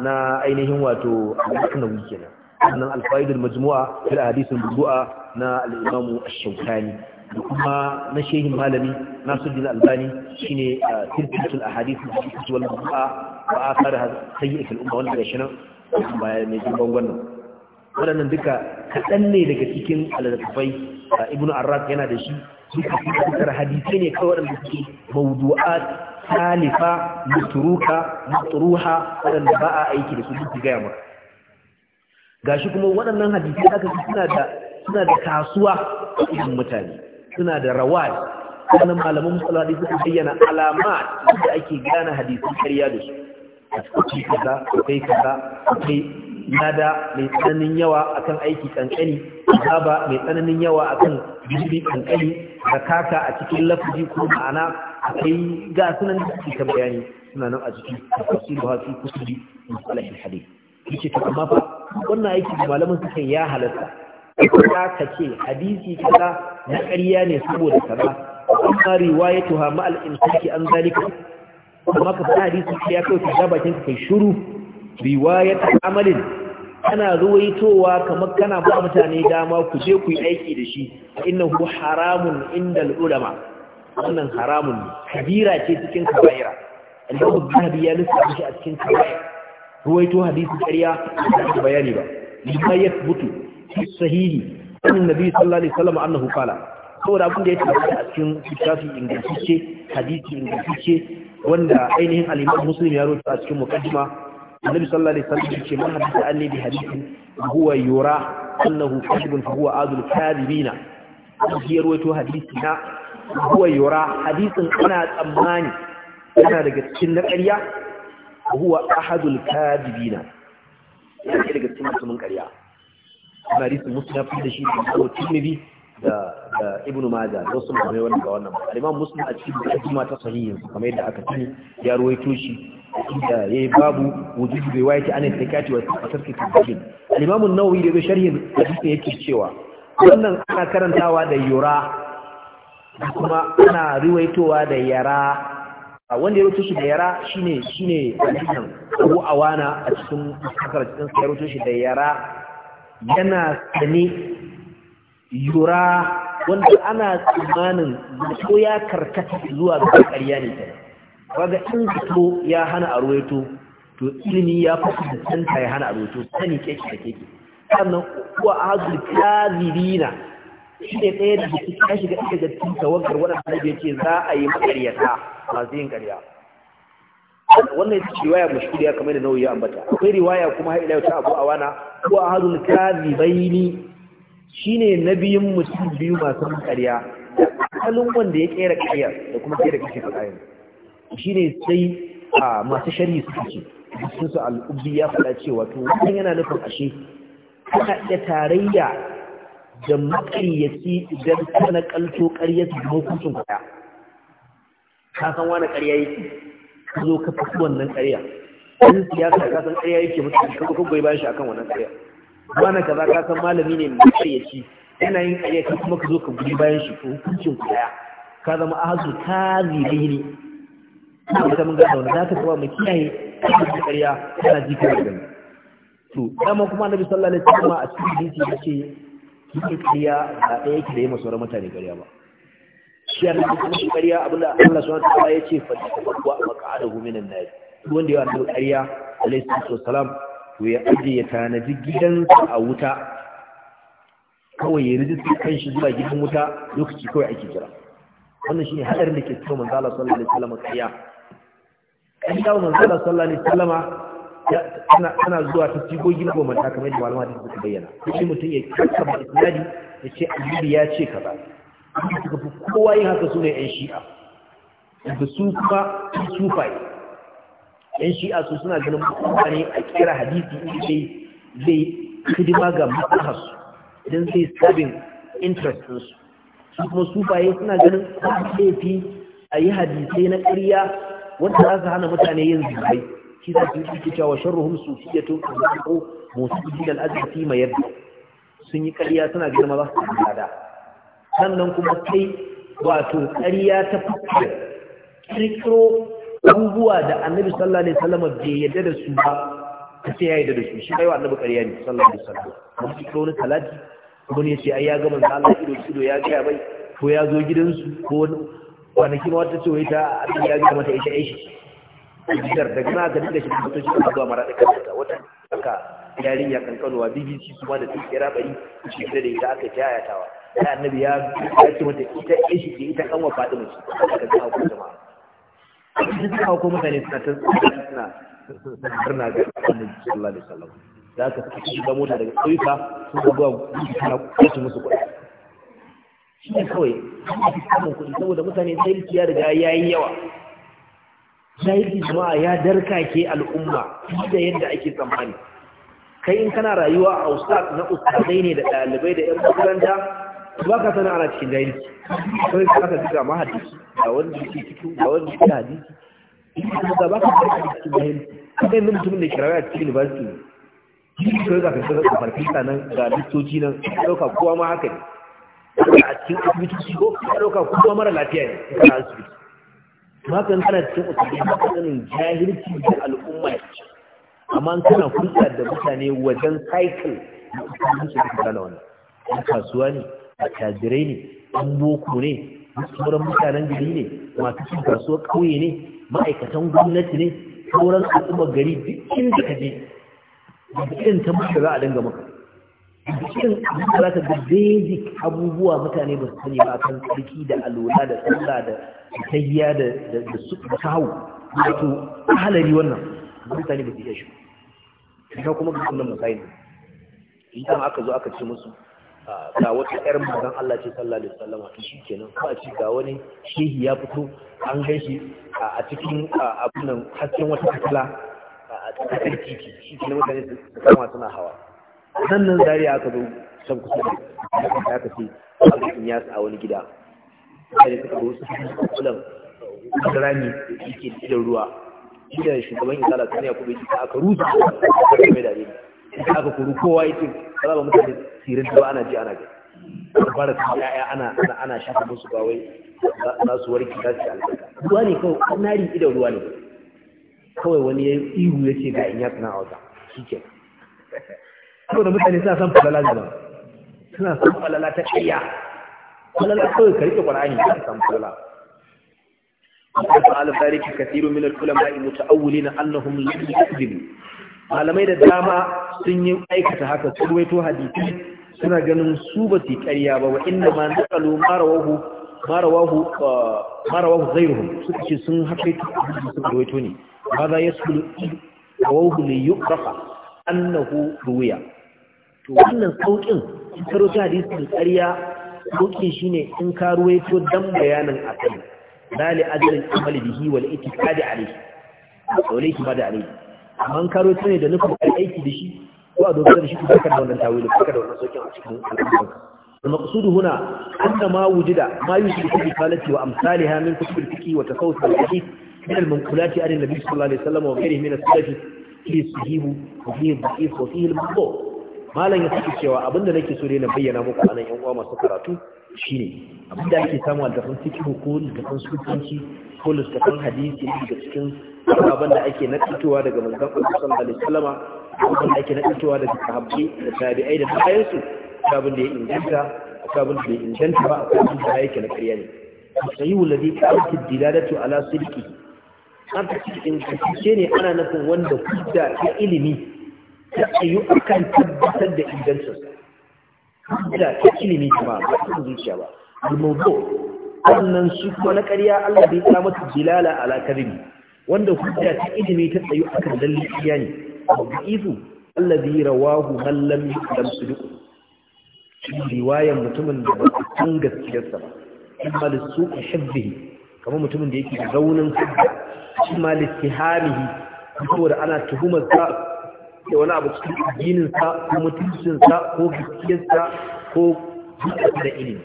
na ainihin wato al-nawawi kenan sannan al-faid al-majmu'a fi ahadith al-mawdu'a na al-imam ash-shawkani da kuma na shehin malami na nasuddin albani shine tirkitul ahadith al-mawdu'a wa athar sayyi'at al-umma wanda ga shi nan bayan mai jin bangon waɗannan duka kaɗan ne daga cikin alalatafai a ibn arraq yana da shi duka fitar hadisai ne kawai waɗanda suke mawdu'at salifa mutruka mutruha waɗanda ba a aiki da su duk gaya maka shi kuma waɗannan hadisai aka ci suna da kasuwa a cikin mutane suna da rawaj malamin malaman musulmi suka bayyana alama da ake gane hadisai karya da su akwai kaza akwai kaza akwai nada mai tsananin yawa akan aiki kankani azaba mai tsananin yawa akan zunubi kankani zakata a cikin lafazi ko ma'ana akwai ga sunan da suke ta bayani suna nan a cikin tafsiru hafi kusuri in salahin hadith yace to amma fa wannan aiki da malaman suka ya halatta ka ka ce hadisi kaza na ƙarya ne saboda kaza amma riwayatuha ma al-insaki an zalika amma ka faɗa hadisi ya kai ta ga bakin kai shuru riwayat amalin Kana ruwaitowa kamar kana ba mutane dama ku je ku yi aiki da shi innahu haramun indal ulama wannan haramun ne kabira ce cikin kabaira al-imam ya lissafa shi a cikin kabaira ruwaito hadisi ƙarya da bayani ba lima yathbutu fi sahihi annabi sallallahu alaihi wasallam annahu qala saboda abin da ya tabbata a cikin littafi ingantacce hadisi ingantacce wanda ainihin al-Imam Muslim ya rubuta a cikin muqaddima Annabi sallallahu alaihi wasallam yace man haditha anni bi hadithin huwa yura annahu kadhibun fa huwa adul kadhibina shi ruwaito hadisi na huwa yura hadisin ana tsammani yana daga cikin na ƙarya huwa ahadul kadhibina yana daga cikin mutumin ƙarya Bukhari Muslim ya fi da shi da Tirmidhi da ibnu maja da wasu mai wannan ga wannan al'imam musulun a cikin hikima ta sahihin kamar yadda aka tuni ya ruwaito shi da yi babu wujudu riwayati ana yi zakati wa tarki tadbin al-imam al'imamun nawawi da sharhi hadisi yake cewa wannan ana karantawa da yura kuma ana ruwaitowa da yara wanda ya rutushi da yara shine shine wannan abu awana a cikin sakar cikin sai rutushi da yara yana sani yura wanda ana tsammanin zato ya karkata zuwa ga ƙarya ne ta waga in zato ya hana a ruwaito to ilimi ya da canta ya hana a ruwaito sani keke da keke sannan kuwa a hazul kazirina shi ne ɗaya da jiki ta shiga ɗaya da cikin tawagar waɗanda da ce za a yi maƙaryata masu yin ƙarya wannan ita ce riwaya mashhuriya kamar da nauyi ya ambata akwai riwaya kuma har ila ta abu a wana ko a hazul ni. Shi ne na biyun mutum biyu masu ƙarya da asalin wanda ya kera ƙarya da kuma kera kashe Shi ne sai a masu shari'i suka ce sun su al'ubbi ya faɗa cewa to wannan yana nufin ashe kana iya tarayya da maƙaryaci idan kana kalto ƙarya su hukuncin kuɗa ka san wani ƙarya yake ka zo ka fi wannan ƙarya ɗan siyasa ka san ƙarya yake mutum ka goyi bayan shi akan wannan ƙarya wani kaza ka san malami ne mai kayyaci yana yin kayyaci kuma ka zo ka guji bayan shi ko hukuncin ku daya ka zama ta zire ne kuma ta mun gada wani za ka saba mu kiyaye kan ƙarya kana ji da gani to dama kuma annabi sallallahu alaihi wasallam a cikin hadisi ce kike ƙarya da ɗaya yake da yi masoran mutane ƙarya ba shi annabi kuma ƙarya abinda Allah subhanahu wa ta'ala yace fa wa maqa'adahu minan nar wanda ya annabi ƙarya alaihi salatu wassalam to ya aje ya tanaji gidansa a wuta kawai ya rijista kan shi zuwa gidan wuta lokaci kawai ake jira wannan shi ne haɗarin da ke cewa manzala sallallahu alaihi wasallam kiyya kan dawo manzala sallallahu alaihi wasallam tana zuwa ta sigogi na goma ta kamar da malama da suka bayyana shi mutum ya kakka ba isnadi ya ce annabi ya ce kaza suka fi kowa yin haka su ne yan shi'a da su kuma sufaye yan shi'a su suna ganin mutane a kira hadisi in ce zai hidima ga maslaharsu idan zai sabin interestinsu su kuma su baye suna ganin laifi a yi hadisai na ƙarya wanda za su hana mutane yin zubai shi za su yi cewa sharruhum sufiyatun ko musulmi al-azhari mai yadda sun yi ƙarya suna ma za su tsada sannan kuma kai wato ƙarya ta fuskar kirkiro abubuwa da annabi sallallahu alaihi wasallam bai yadda da su ba sai ya yadda da su shi kaiwa wa annabi ƙarya ne sallallahu alaihi wasallam mun ci wani talati mun yace ai ya ga manzo Allah ido ido ya ga bai ko ya zo gidansu ko wani kima wata ce wai ta abin ya ga mata ita aishi jidar daga na ka dinga shi da shi ba zuwa mara da kanta wata aka yarinya kankanuwa BBC kuma da kira bari, shi da ita aka tayatawa sai annabi ya ce mata ita aishi ce ita kanwa Fatima ce aka ga ku jama'a abin da kawo ko mutane suna ta suna suna ga annabi sallallahu alaihi wasallam da aka saka shi ga mota daga ƙauyuka sun ga zuwa gudu tana kwace musu kuɗi shi ne kawai ana fi samun kuɗi saboda mutane jahilci ya riga ya yi yawa jahilci jama'a ya darkake al'umma da yadda ake tsammani kai in kana rayuwa a ustaz na ustazai ne da ɗalibai da 'yan makaranta ba ka sana ana cikin jahilci sai ka ka duka ma hadisi ga wanda ke cikin ga wanda ke hadisi da ba ka sana cikin jahilci kai nan mutum da kirawa a cikin university ne za ka shiga da farfisa nan ga listoci nan ɗauka kowa ma haka ne a cikin asibitoci ko ɗauka kowa mara lafiya ne in kana asibiti ma kan kana cikin asibiti ba ka sanin jahilci da al'umma ya ce amma kana hulɗa da mutane wajen cycle na asibiti da kala wannan kasuwa ne attajirai ne an boko ne sauran mutanen gari ne masu cin kasuwar ƙauye ne ma'aikatan gwamnati ne sauran al'ummar gari bikin da ka je duk irin tambayar za a dinga maka duk abin da za ka ga basic abubuwa mutane ba su sani ba kan tsarki da alola da sallah da tayya da da su kawo wato halari wannan mutane ba su iya shi ka kuma ga wannan musayin idan aka zo aka ce musu ga wata ƴar manzon Allah ce sallallahu alaihi wasallam to shikenan ko a cikin ga wani shehi ya fito an shi a cikin abin nan hasken wata fitila a cikin titi shikenan mutane su kama suna hawa Sannan nan zariya aka zo can kusa da aka kace abin ya a wani gida sai suka zo su fi kulan rami yake da ruwa shi da shugaban isala sani ya kuma yi aka rusa da mai da da aka kuru kowa yake ba ba mutane sirin ta ba ana ji ana ga fara su ya'ya ana ana ana shafa musu ba wai za su warke za su albarka ruwa ne kawai kanari idan ruwa ne kawai wani ya ihu ya ce ga in ya tana a wata shi ke saboda mutane suna son falala gaba suna son falala ta ƙayya falala kawai ka rike ƙwarani ka san falala وقد فعل ذلك كثير من العلماء متأولين أنهم لم يكذبوا malamai da dama sun yi aikata haka su waito hadisi suna ganin su ba su ƙarya ba wa inda ma nakalu marawahu marawahu uh, marawahu zairuhum suka ce sun hakaita hadisi su waito ne ba za ya yi rawahu li yuqrafa annahu ruwiya to wannan saukin in karo ta hadisin ƙarya saukin shine in ka ruwaito dan bayanin akai dali ajrin amali bihi wal itiqadi alayhi alayhi amma karo ne da nufin kai aiki da shi ko a dogara da shi ko baka da wannan tawili baka da wannan sokin a cikin al'amuran المقصود هنا أن ما وجد ما يوجد في الفالة وأمثالها من كتب الفقه وتصوف الحديث da المنقولات عن النبي صلى الله عليه وسلم وغيره من السلف فيه الصحيح وفيه الضعيف وفيه الموضوع ما لن يسكت cewa abinda nake so dai na bayyana muku nan yan uwa masu karatu shine abinda ake samu a dafin fiqh ko dafin sufanci ko dafin hadisi daga cikin ababen da ake nakaltowa daga manzon Allah sallallahu alaihi wasallama ababen da ake nakaltowa daga sahabbai da tabi'ai da bayansu abin da ya inganta abin da ya inganta ba abin da yake na ƙarya ne sayyul ladhi qalat ad-dilalatu ala sidqi an ta cikin kace ne ana nufin wanda kudda ta ilimi ta tsayu akan tabbatar da ingancinsa hujja ta ilimi ba ba ta zuciya ba al-mawdu annan shi kuma na ƙarya Allah bai ta mata jilala ala kadhibi wanda hujja ta ilimi ta tsayu akan lalle iya ne da'ifu allazi rawahu man lam yuqdam suduku shi riwayan mutumin da ba san gaskiyarsa ba amma da su hibbihi kamar mutumin da yake raunin hujja shi ma litihamihi saboda ana tuhumar sa da wani abu cikin addinin sa ko mutuncin sa ko gaskiyarsa ko da ilimi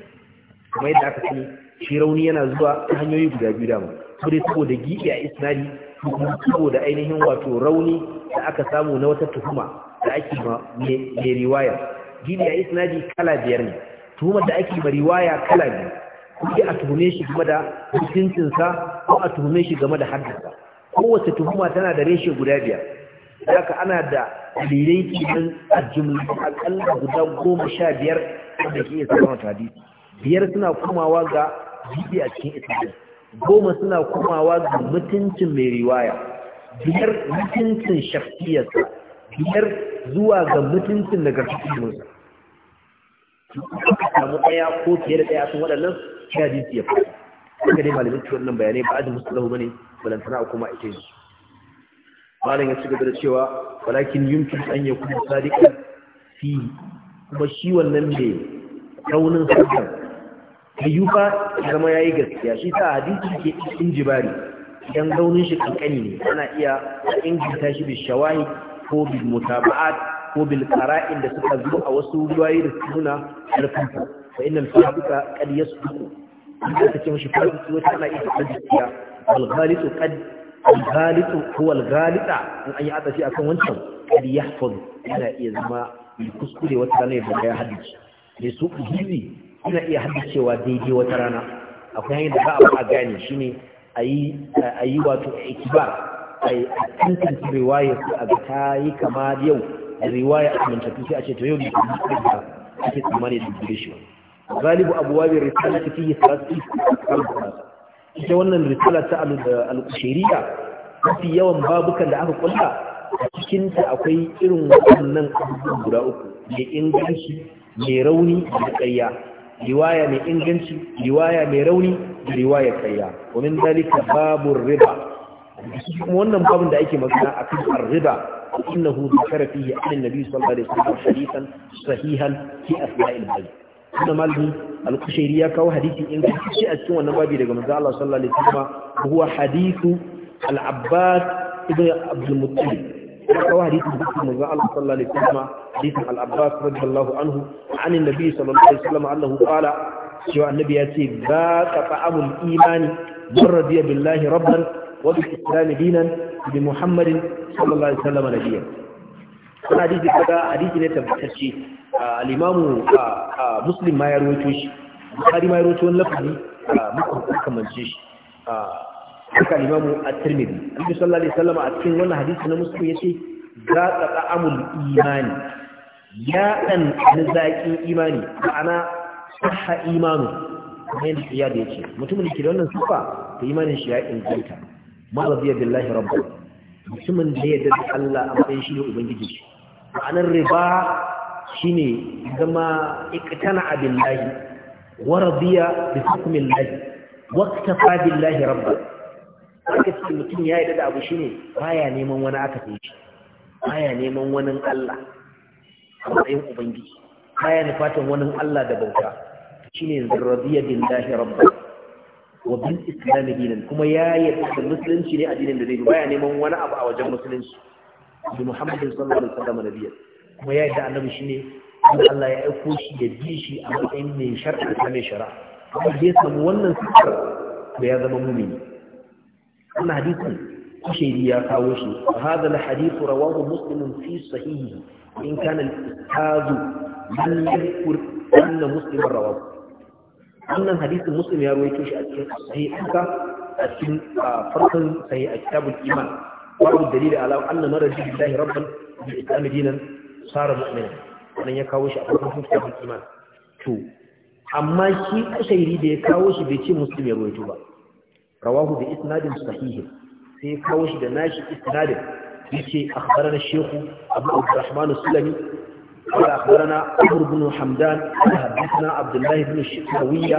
kamar yadda aka sani shi rauni yana zuwa ta hanyoyi guda biyu dama ko dai saboda giɓi a isnadi ko kuma saboda ainihin wato rauni da aka samu na wata tuhuma da ake ma mai riwaya giɓi a isnadi kala biyar ne tuhumar da ake ma riwaya kala biyu kuke a tuhume shi game da sa ko a tuhume shi game da haddasa kowace tuhuma tana da reshe guda biyar haka ana da dalilai kinan a jumla akalla guda goma sha biyar da ke iya samun hadisi biyar suna komawa ga bibi a cikin islam goma suna kumawa ga mutuncin mai riwaya biyar mutuncin shafiyarsa biyar zuwa ga mutuncin daga cikinsa samu ɗaya ko fiye da ɗaya sun waɗannan shi hadisi ya fi suka ne malamin ciwon nan bayanai ba ajin musu lahu bane balantana kuma ita yanzu malam ya ci gaba da cewa walakin yumkin an ya kuma sadiƙa fi kuma shi wannan mai raunin hakan ayyuka zama yayi gaskiya shi ta hadisi ke injibari idan raunin shi kankani ne ana iya inginta shi bil shawahi ko bil mutaba'at ko bil qara'in da suka zo a wasu ruwayi da suna karfin sa fa innal fasiqa qad yasduqu idan kace mishi fasiki wata ana iya gaskiya wal ghalitu qad al ghalitu huwa al ghalita in an yi atashi akan wancan qad yana iya zama kuskure wata ne da ya hadisi ne su kuhizi ina iya haddacewa daidai wata rana akwai hanyar da ba a gane shi ne a yi wato ikibar a yi tantance riwaya a ga ta yi kama yau a riwaya a mintattu sai a ce ta yau ne kuma da ake tsammani da gure shi galibu abuwa bai risala ta fiye sarasi ita wannan risala ta al'ushiriya mafi yawan babukan da aka kulla a cikinta akwai irin wannan abubuwan guda uku mai inganci mai rauni da ƙarya riwaya mai inganci riwaya mai rauni da riwaya karya domin dalika babu riba wannan babin da ake magana a kan riba innahu dhakara fihi an nabi sallallahu alaihi wasallam hadithan sahihan fi asma'il bayt kuma malami al-kushairi ya kawo hadisi inganci a cikin wannan babi daga manzo Allah sallallahu alaihi wasallam huwa hadithu al-abbas ibn abdul muttalib ya kawo hadisin dukkan manzo Allah sallallahu alaihi wasallam hadisin al-Abbas radiyallahu anhu an annabi sallallahu alaihi wasallam annahu qala cewa annabi ya ce za ka ta'amul imani man radiya billahi rabban wa bil islam dinan bi muhammadin sallallahu alaihi wasallam nabiyyan wannan hadisi kaga hadisi ne tabbatacce al-imamu muslim ma ya rawaito shi bukhari ma ya rawaito wannan lafazi muka kamance shi haka limamu a tirmidhi albi sallallahu alaihi wasallam a cikin wannan hadisi na ya ce za ka ta'amul imani ya dan imani ma'ana sahha imanu kuma yadda ya da yace mutumin da ke da wannan sifa ta imanin shi ya inganta ma billahi rabbu mutumin da ya da Allah a matsayin shi ne ubangiji shi ma'anar riba shine zama iqtana billahi wa radiya bi hukmillahi wa iktafa billahi rabbu aka ce mutum ya yarda da abu shine baya neman wani aka fi shi baya neman wani Allah a matsayin ubangiji baya ne fatan wani Allah da bauta shine zarradiya billahi rabba wa bil islam dinan kuma ya yarda da musulunci ne addinin da zai baya neman wani abu a wajen musulunci bi muhammadin sallallahu alaihi wasallam nabiyyi kuma ya yarda annabi shine Allah ya aiko shi ya bi shi a matsayin mai shar'a da mai shari'a amma bai samu wannan sifar da ya zama mumini أما حديث قشي ليا كاوشي فهذا الحديث رواه مسلم في صحيحه إن كان الإستاذ لن يذكر أن مسلم رواه أن حديث مسلم يروي كشي صحيح أنك أسن آه، فرقا صحيح كتاب الإيمان وهو الدليل على أن من رجل الله ربا بإسلام دينا صار مؤمنا أن يكاوش أفرقا في كتاب الإيمان شو أما شيء أشيري بيكاوش بيتي مسلم يروي كشي رواه بإسناد صحيح في sai دماج إسناد da أخبرنا الشيخ أبو عبد الرحمن السلمي قال أخبرنا عمرو بن حمدان قال حدثنا عبد الله بن الشكاوية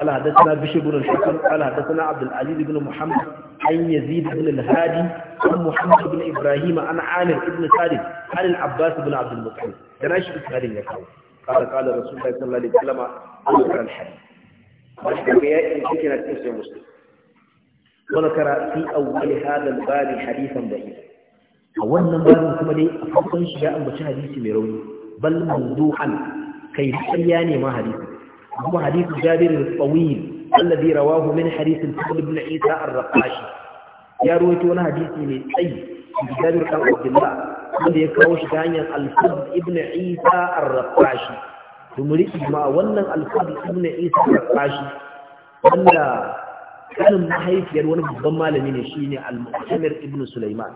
قال حدثنا بشر بن الحكم قال حدثنا عبد العزيز بن محمد عن يزيد بن الهادي عن محمد بن إبراهيم عن عامر بن سالم عن العباس بن عبد المطلب تناش إسناد يكاو قال قال رسول الله صلى الله عليه وسلم أذكر الحديث والحكايات إن كانت مسلم وذكر في أول هذا الباب حديثا ضعيفا wannan babin kuma dai a farkon shiga an baci hadisi mai rauni bal mawdu'an kai tsariya ne ma hadisi kuma hadisi jabir da tawil alladhi rawahu min hadith al-fadl ibn Isa ar-Raqqash ya rawaito wani hadisi mai tsayi daga Jabir bin Abdullah wanda ya kawo shi hanyar al-fadl ibn Isa ar-Raqqash dumuri ma wannan al-fadl ibn Isa ar-Raqqash wanda kanin mahaifiyar wani babban malami ne shine al-mu'tamir ibn sulaiman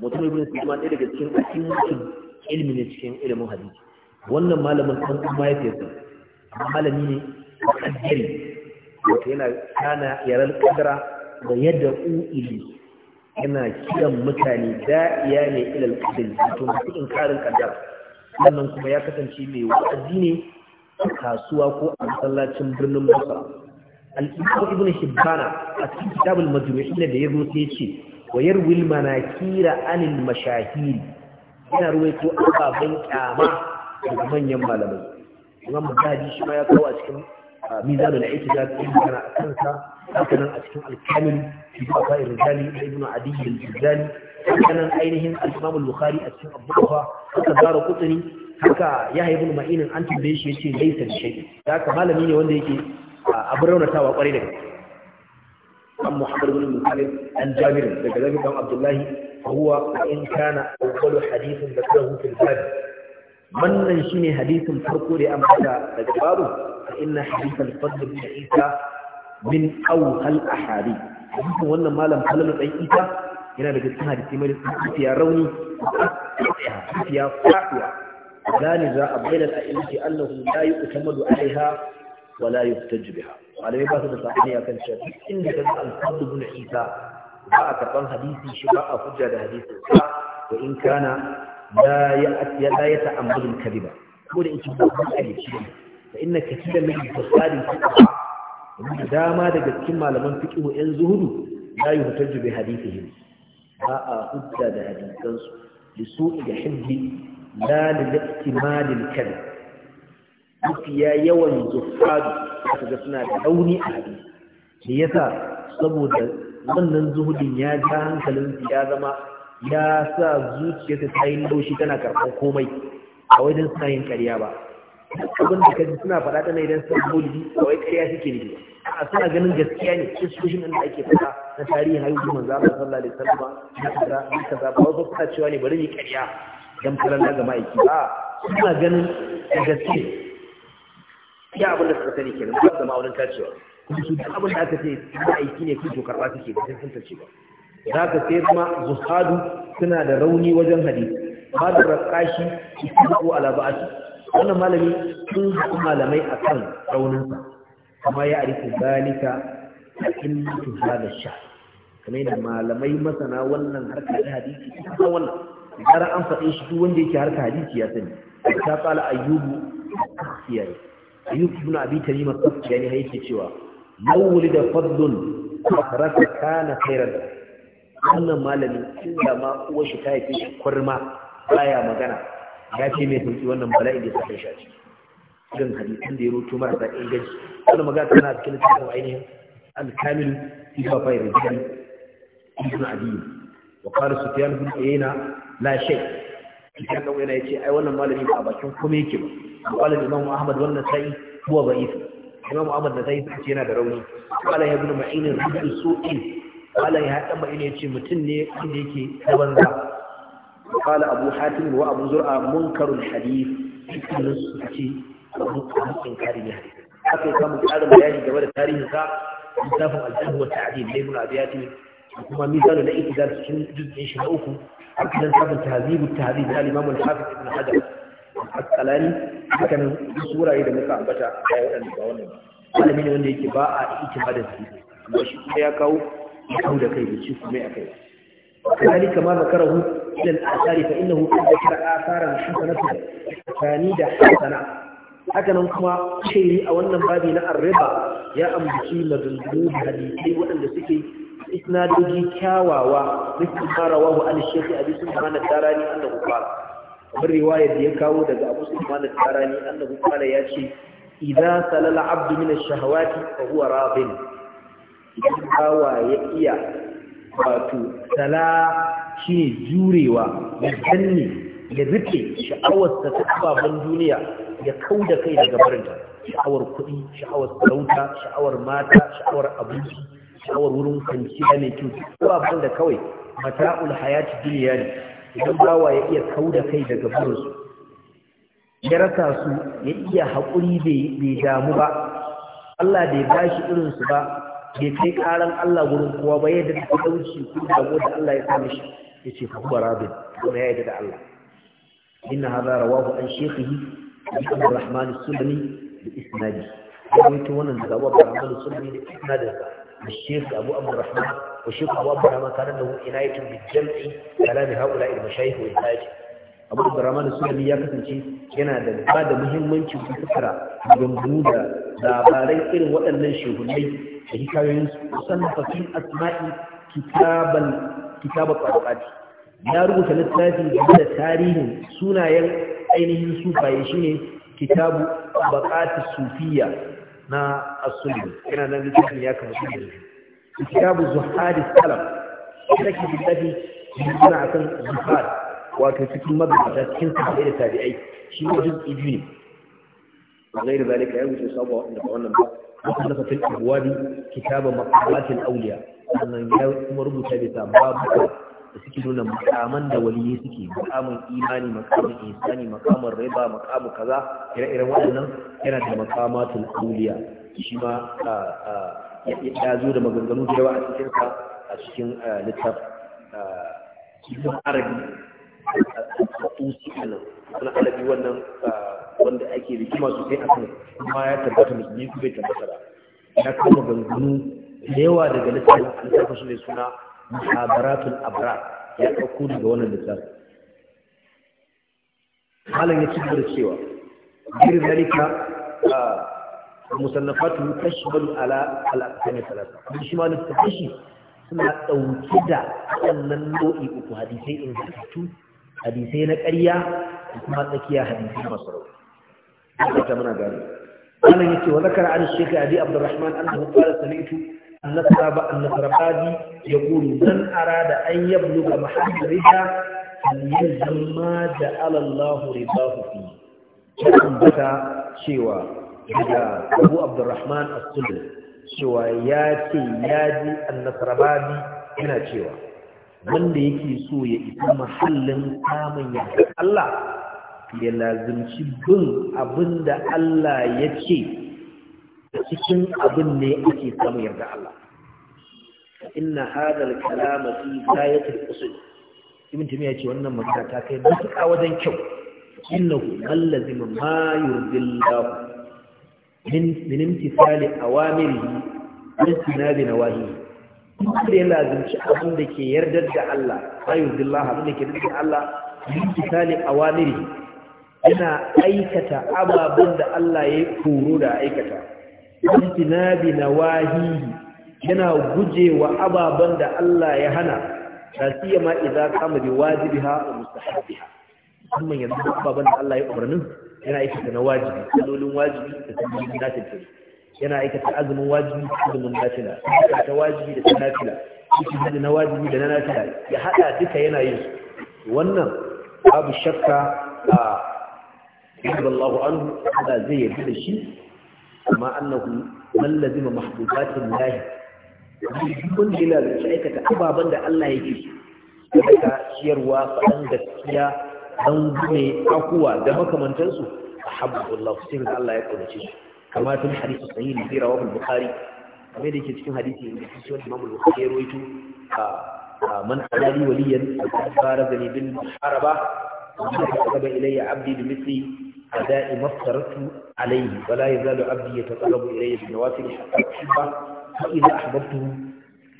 mutum ibn sulaiman ɗaya daga cikin ainihin ilmi ne cikin ilimin hadisi wannan malamin kan kuma mahaifiyarsa amma malami ne a kaddari yana kana yaran kadara da yadda u'ili yana kiran mutane da'iya ne ilal kadari wato masu inkarin kadara wannan kuma ya kasance mai wa'azi ne a kasuwa ko a masallacin birnin musa al-imam Hibbana shibbana a cikin kitab al-majmu'in da ya zo sai ce wa yarwi al-manakira anil mashahir yana ruwaito ababen kyama daga manyan malamai imam mazhabi shi ma ya kawo a cikin mizanul i'tidal din kana kansa haka nan a cikin al-kamil fi baqa rijali ibn adi al-jizali haka nan ainihin al al-bukhari a cikin abubuwa haka zara kutuni haka yahya ibn ma'in an tambaye shi yace laysa shay'in haka malami ne wanda yake abin raunatawa kwarai da gaske an muhammad bin musalim an jabir daga zafi dan abdullahi huwa in kana awwalu hadithin da kahu fil bab wannan shine hadithin farko da amsa daga babu fa inna hadithal fadl bin isa min awhal ahadith Hadithin wannan malam halal dan isa yana daga cikin hadisi mai tsafiya rauni tsafiya fadiya gani za a bayyana a'ilki annahu la yu'tamadu alaiha wala yuftaju biha malamai ba su da sabani akan shafi. inda kan al-fadl ibn isa ba a karban hadisi shi ba a hujja da hadisin sa wa in kana la ya la ya ta'ammadu al-kadhiba ko da yake ba a yi shi fa inna katiran min fasadin fiqh dama daga cikin malaman fiqh yan zuhudu la a hujja da hadisansu li su'i da hibbi la mafiya yawan zuhadu aka ga suna da rauni a hadisi shi yasa saboda wannan zuhudin ya ja hankalin ya zama ya sa zuciyarsa ta yi laushi tana karɓar komai a wajen suna yin ƙarya ba abin da kaji suna faɗa tana idan sun a kawai ƙarya suke ne a suna ganin gaskiya ne kistoshin da ake faɗa na tarihin haihuwar manzo Allah sallallahu alaihi wasallam na kaza na kaza ba wasu suna cewa ne bari ni ƙarya dan falalla ga ma'aiki ba suna ganin gaskiya ya abin da suka sani ke, kenan ba da ma'aunin tacewa kuma su duk abin da aka ce na aiki ne kun karɓa suke da sai sun tace ba za ka sai kuma zuhadu suna da rauni wajen hadisi ba da rakashi ko ala ba'ati wannan malami sun haɗu malamai a kan rauninsa kama ya arifu zalika a illatu hada sha kamar yadda malamai masana wannan harka da hadisi kusan wannan gara an faɗe shi duk wanda yake harka hadisi ya sani ta tsala ayyubu a ayyub ibn abi tarima as-sufyani yake cewa lawli da fadlun faraka kana khairan wannan malami inda ma uwa shi ta yake shi kurma baya magana ya ce mai sauki wannan bala'i da suka shi a ciki irin hadisin da ya roto mara da inganci wannan magana tana cikin cikin ainihin al-kamil fi fafai rijali ibn abi wa qala sufyan bin ayna la shay' kan nan ya ce, ai wannan malamin ba bakin kome yake ba qala imam ahmad wannan sai huwa ba'if imam ahmad da sai yace yana da rauni ya qala ibn ma'in rubu in. qala ya haɗa hadan ya ce mutum ne wanda yake da banza qala abu hatim wa abu zur'a munkarul hadith cikin su ce a hatim kari ne haka ya samu karin bayani game da tarihin sa littafin al-jahl wa ta'dil ibn abi hatim kuma mizanu da ikidar cikin juz'in shi na uku haka nan sabon tahzibu tahzib na Imam al-Hafiz Ibn Hajar al-Asqalani haka nan suraye da muka ambata a waɗanda ba wannan malami ne wanda yake ba a itimadin su amma shi kuma ya kawo ya kawo da kai da shi kuma ya kai كذلك ما ذكره من الآثار فإنه قد ذكر آثارا حسنة فانيدة حسنة hakanan kuma shiri a wannan babi na arriba ya ambaci maganganu da hadisai waɗanda suke isnadoji kyawawa misal ma rawahu an shaykh abi sulaiman ad-darani annahu kamar riwayar da ya kawo daga abu sulaiman ad-darani annahu qala yace idza salala abdu min shahawati fa huwa radin idan ya iya wato sala shine jurewa ya danne ya rike sha'awarsa ta ababen duniya ya kauda kai daga barinta sha'awar kuɗi sha'awar sarauta sha'awar mata sha'awar abinci shawar wurin kwanciya mai kyau ko abin da kawai mata'ul hayati duniya ne idan bawa ya iya kau da kai daga burinsu ya rasa su ya iya haƙuri bai damu ba Allah bai ba shi irinsu ba bai kai ƙaran Allah wurin kowa ba yadda da talauci ko damu da Allah ya sa mishi ya ce fa kuma rabin kuma ya yadda da Allah inna hadha rawahu an shaykhihi Abdurrahman as-Sulami bi isnadi wannan da Abu Rahman as-Sulami da isnadinsa والشيخ أبو عبد الرحمن والشيخ أبو عبد الرحمن كان له عناية بالجمع كلام هؤلاء المشايخ والحاج أبو عبد الرحمن السلمي يقصد شيء yana da ba da muhimmanci su fitara da labarai irin waɗannan shehunai da hikayoyinsu musamman fasin asma'i kitaban kitabar ƙwarƙwaci ya rubuta littafi game da tarihin sunayen ainihin sufaye shine kitabu bakati na asuli yana nan littafin ya kama su da su kitabu zuhadi salaf yana ke littafi suna akan zuhad wato cikin mabata cikin sahabbai da tabi'ai shi ne jin ibi ne غير ذلك يوجد يعني صعوبة وإن فعلنا مخلفة الأبواب كتاب مقالات الأولياء أن يمر بثابتة باب da suke nuna makaman da waliyi suke makamin imani makamin insani makamin riba makamin kaza ire-iren waɗannan yana da makamatul auliya shi ma ya zo da maganganu da yawa a cikin sa a cikin littaf cikin arabi a tusi anan wani arabi wannan wanda ake kima sosai a kan kuma ya tabbata musulmi kuma ya tabbata ba ya kama ganganu da yawa daga littafin shi su ne suna muhabaratul abrar ya ɗauko daga wannan littafin malam ya cigaba da cewa jirin zalika musannafatu tashmalu ala al-aqsam thalatha kuma shi ma littafin shi suna ɗauke da wannan nau'i uku hadisai in ingantattu hadisai na ƙarya da kuma tsakiya hadisai masu rauni haka ta muna gani malam ya yake wa zakara an shekara abi abdurrahman annahu qala sami'tu annasaba annasarabadi ya kuru zan ara da an yablu ga mahaifin rida aliyar zama da alallahu riba hufi ya cewa daga abu abdurrahman asulun cewa ya ce ya ji annasarabadi yana cewa wanda yake so ya isa mahallin samun yankin allah ya lazimci bin abinda allah ya ce cikin abin ne ake samu yarda Allah inna hadal kalama fi sayatul usul ibn tumiya ce wannan magana ta kai matuƙa wajen kyau innahu allazima ma yurdillahu min min imtisali awamirihi tinabi nawahi kuma ya lazimci abin da ke yardar da Allah ma yurdillahu abin da ke yarda da Allah min imtisali awamirihi yana aikata ababen da Allah ya koro da aikata wajtinabi nawahihi yana guje wa ababan da Allah ya hana tasiya ma idza kama bi wajibiha wa mustahabbiha musamman yanzu ababan da Allah ya umarnin yana aikata na wajibi sallolin wajibi da sallolin nafila yana aikata azumin wajibi da azumin nafila ta wajibi da ta nafila cikin na wajibi da na nafila ya haɗa duka yana yin wannan babu shakka a Allah anhu Allah zai yarda da shi amma annahu man lazima mahbubatin lahi kun dila da aikata ababan da Allah yake daga ciyarwa faɗan gaskiya dan gume akuwa da makamantansu ahabbullahu sai da Allah ya kaunace su kama tun hadisi sahih da rawahu bukhari kamar da yake cikin hadisi da shi wani Imam Bukhari ya rawaito man alali waliyan al-fara zani bil muharaba wa qad ilayya abdi bi mithli أداء ما افترضت عليه ولا يزال عبدي يتطلب إلي بالنوافل حتى أحبه فإذا أحببته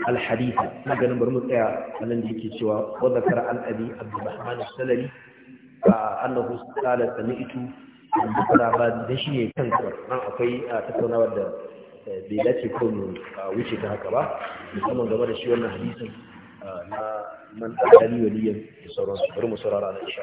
الحديث ما كان برمض يا الذي سوى وذكر عن أبي عبد الرحمن السلمي أنه قال سمعت مثلا ba da shi ne kan nan akwai tattaunawar da bai dace ko mu wuce ta haka ba musamman game da shi wannan hadisin na man adali waliyan da sauransu bari saurara na insha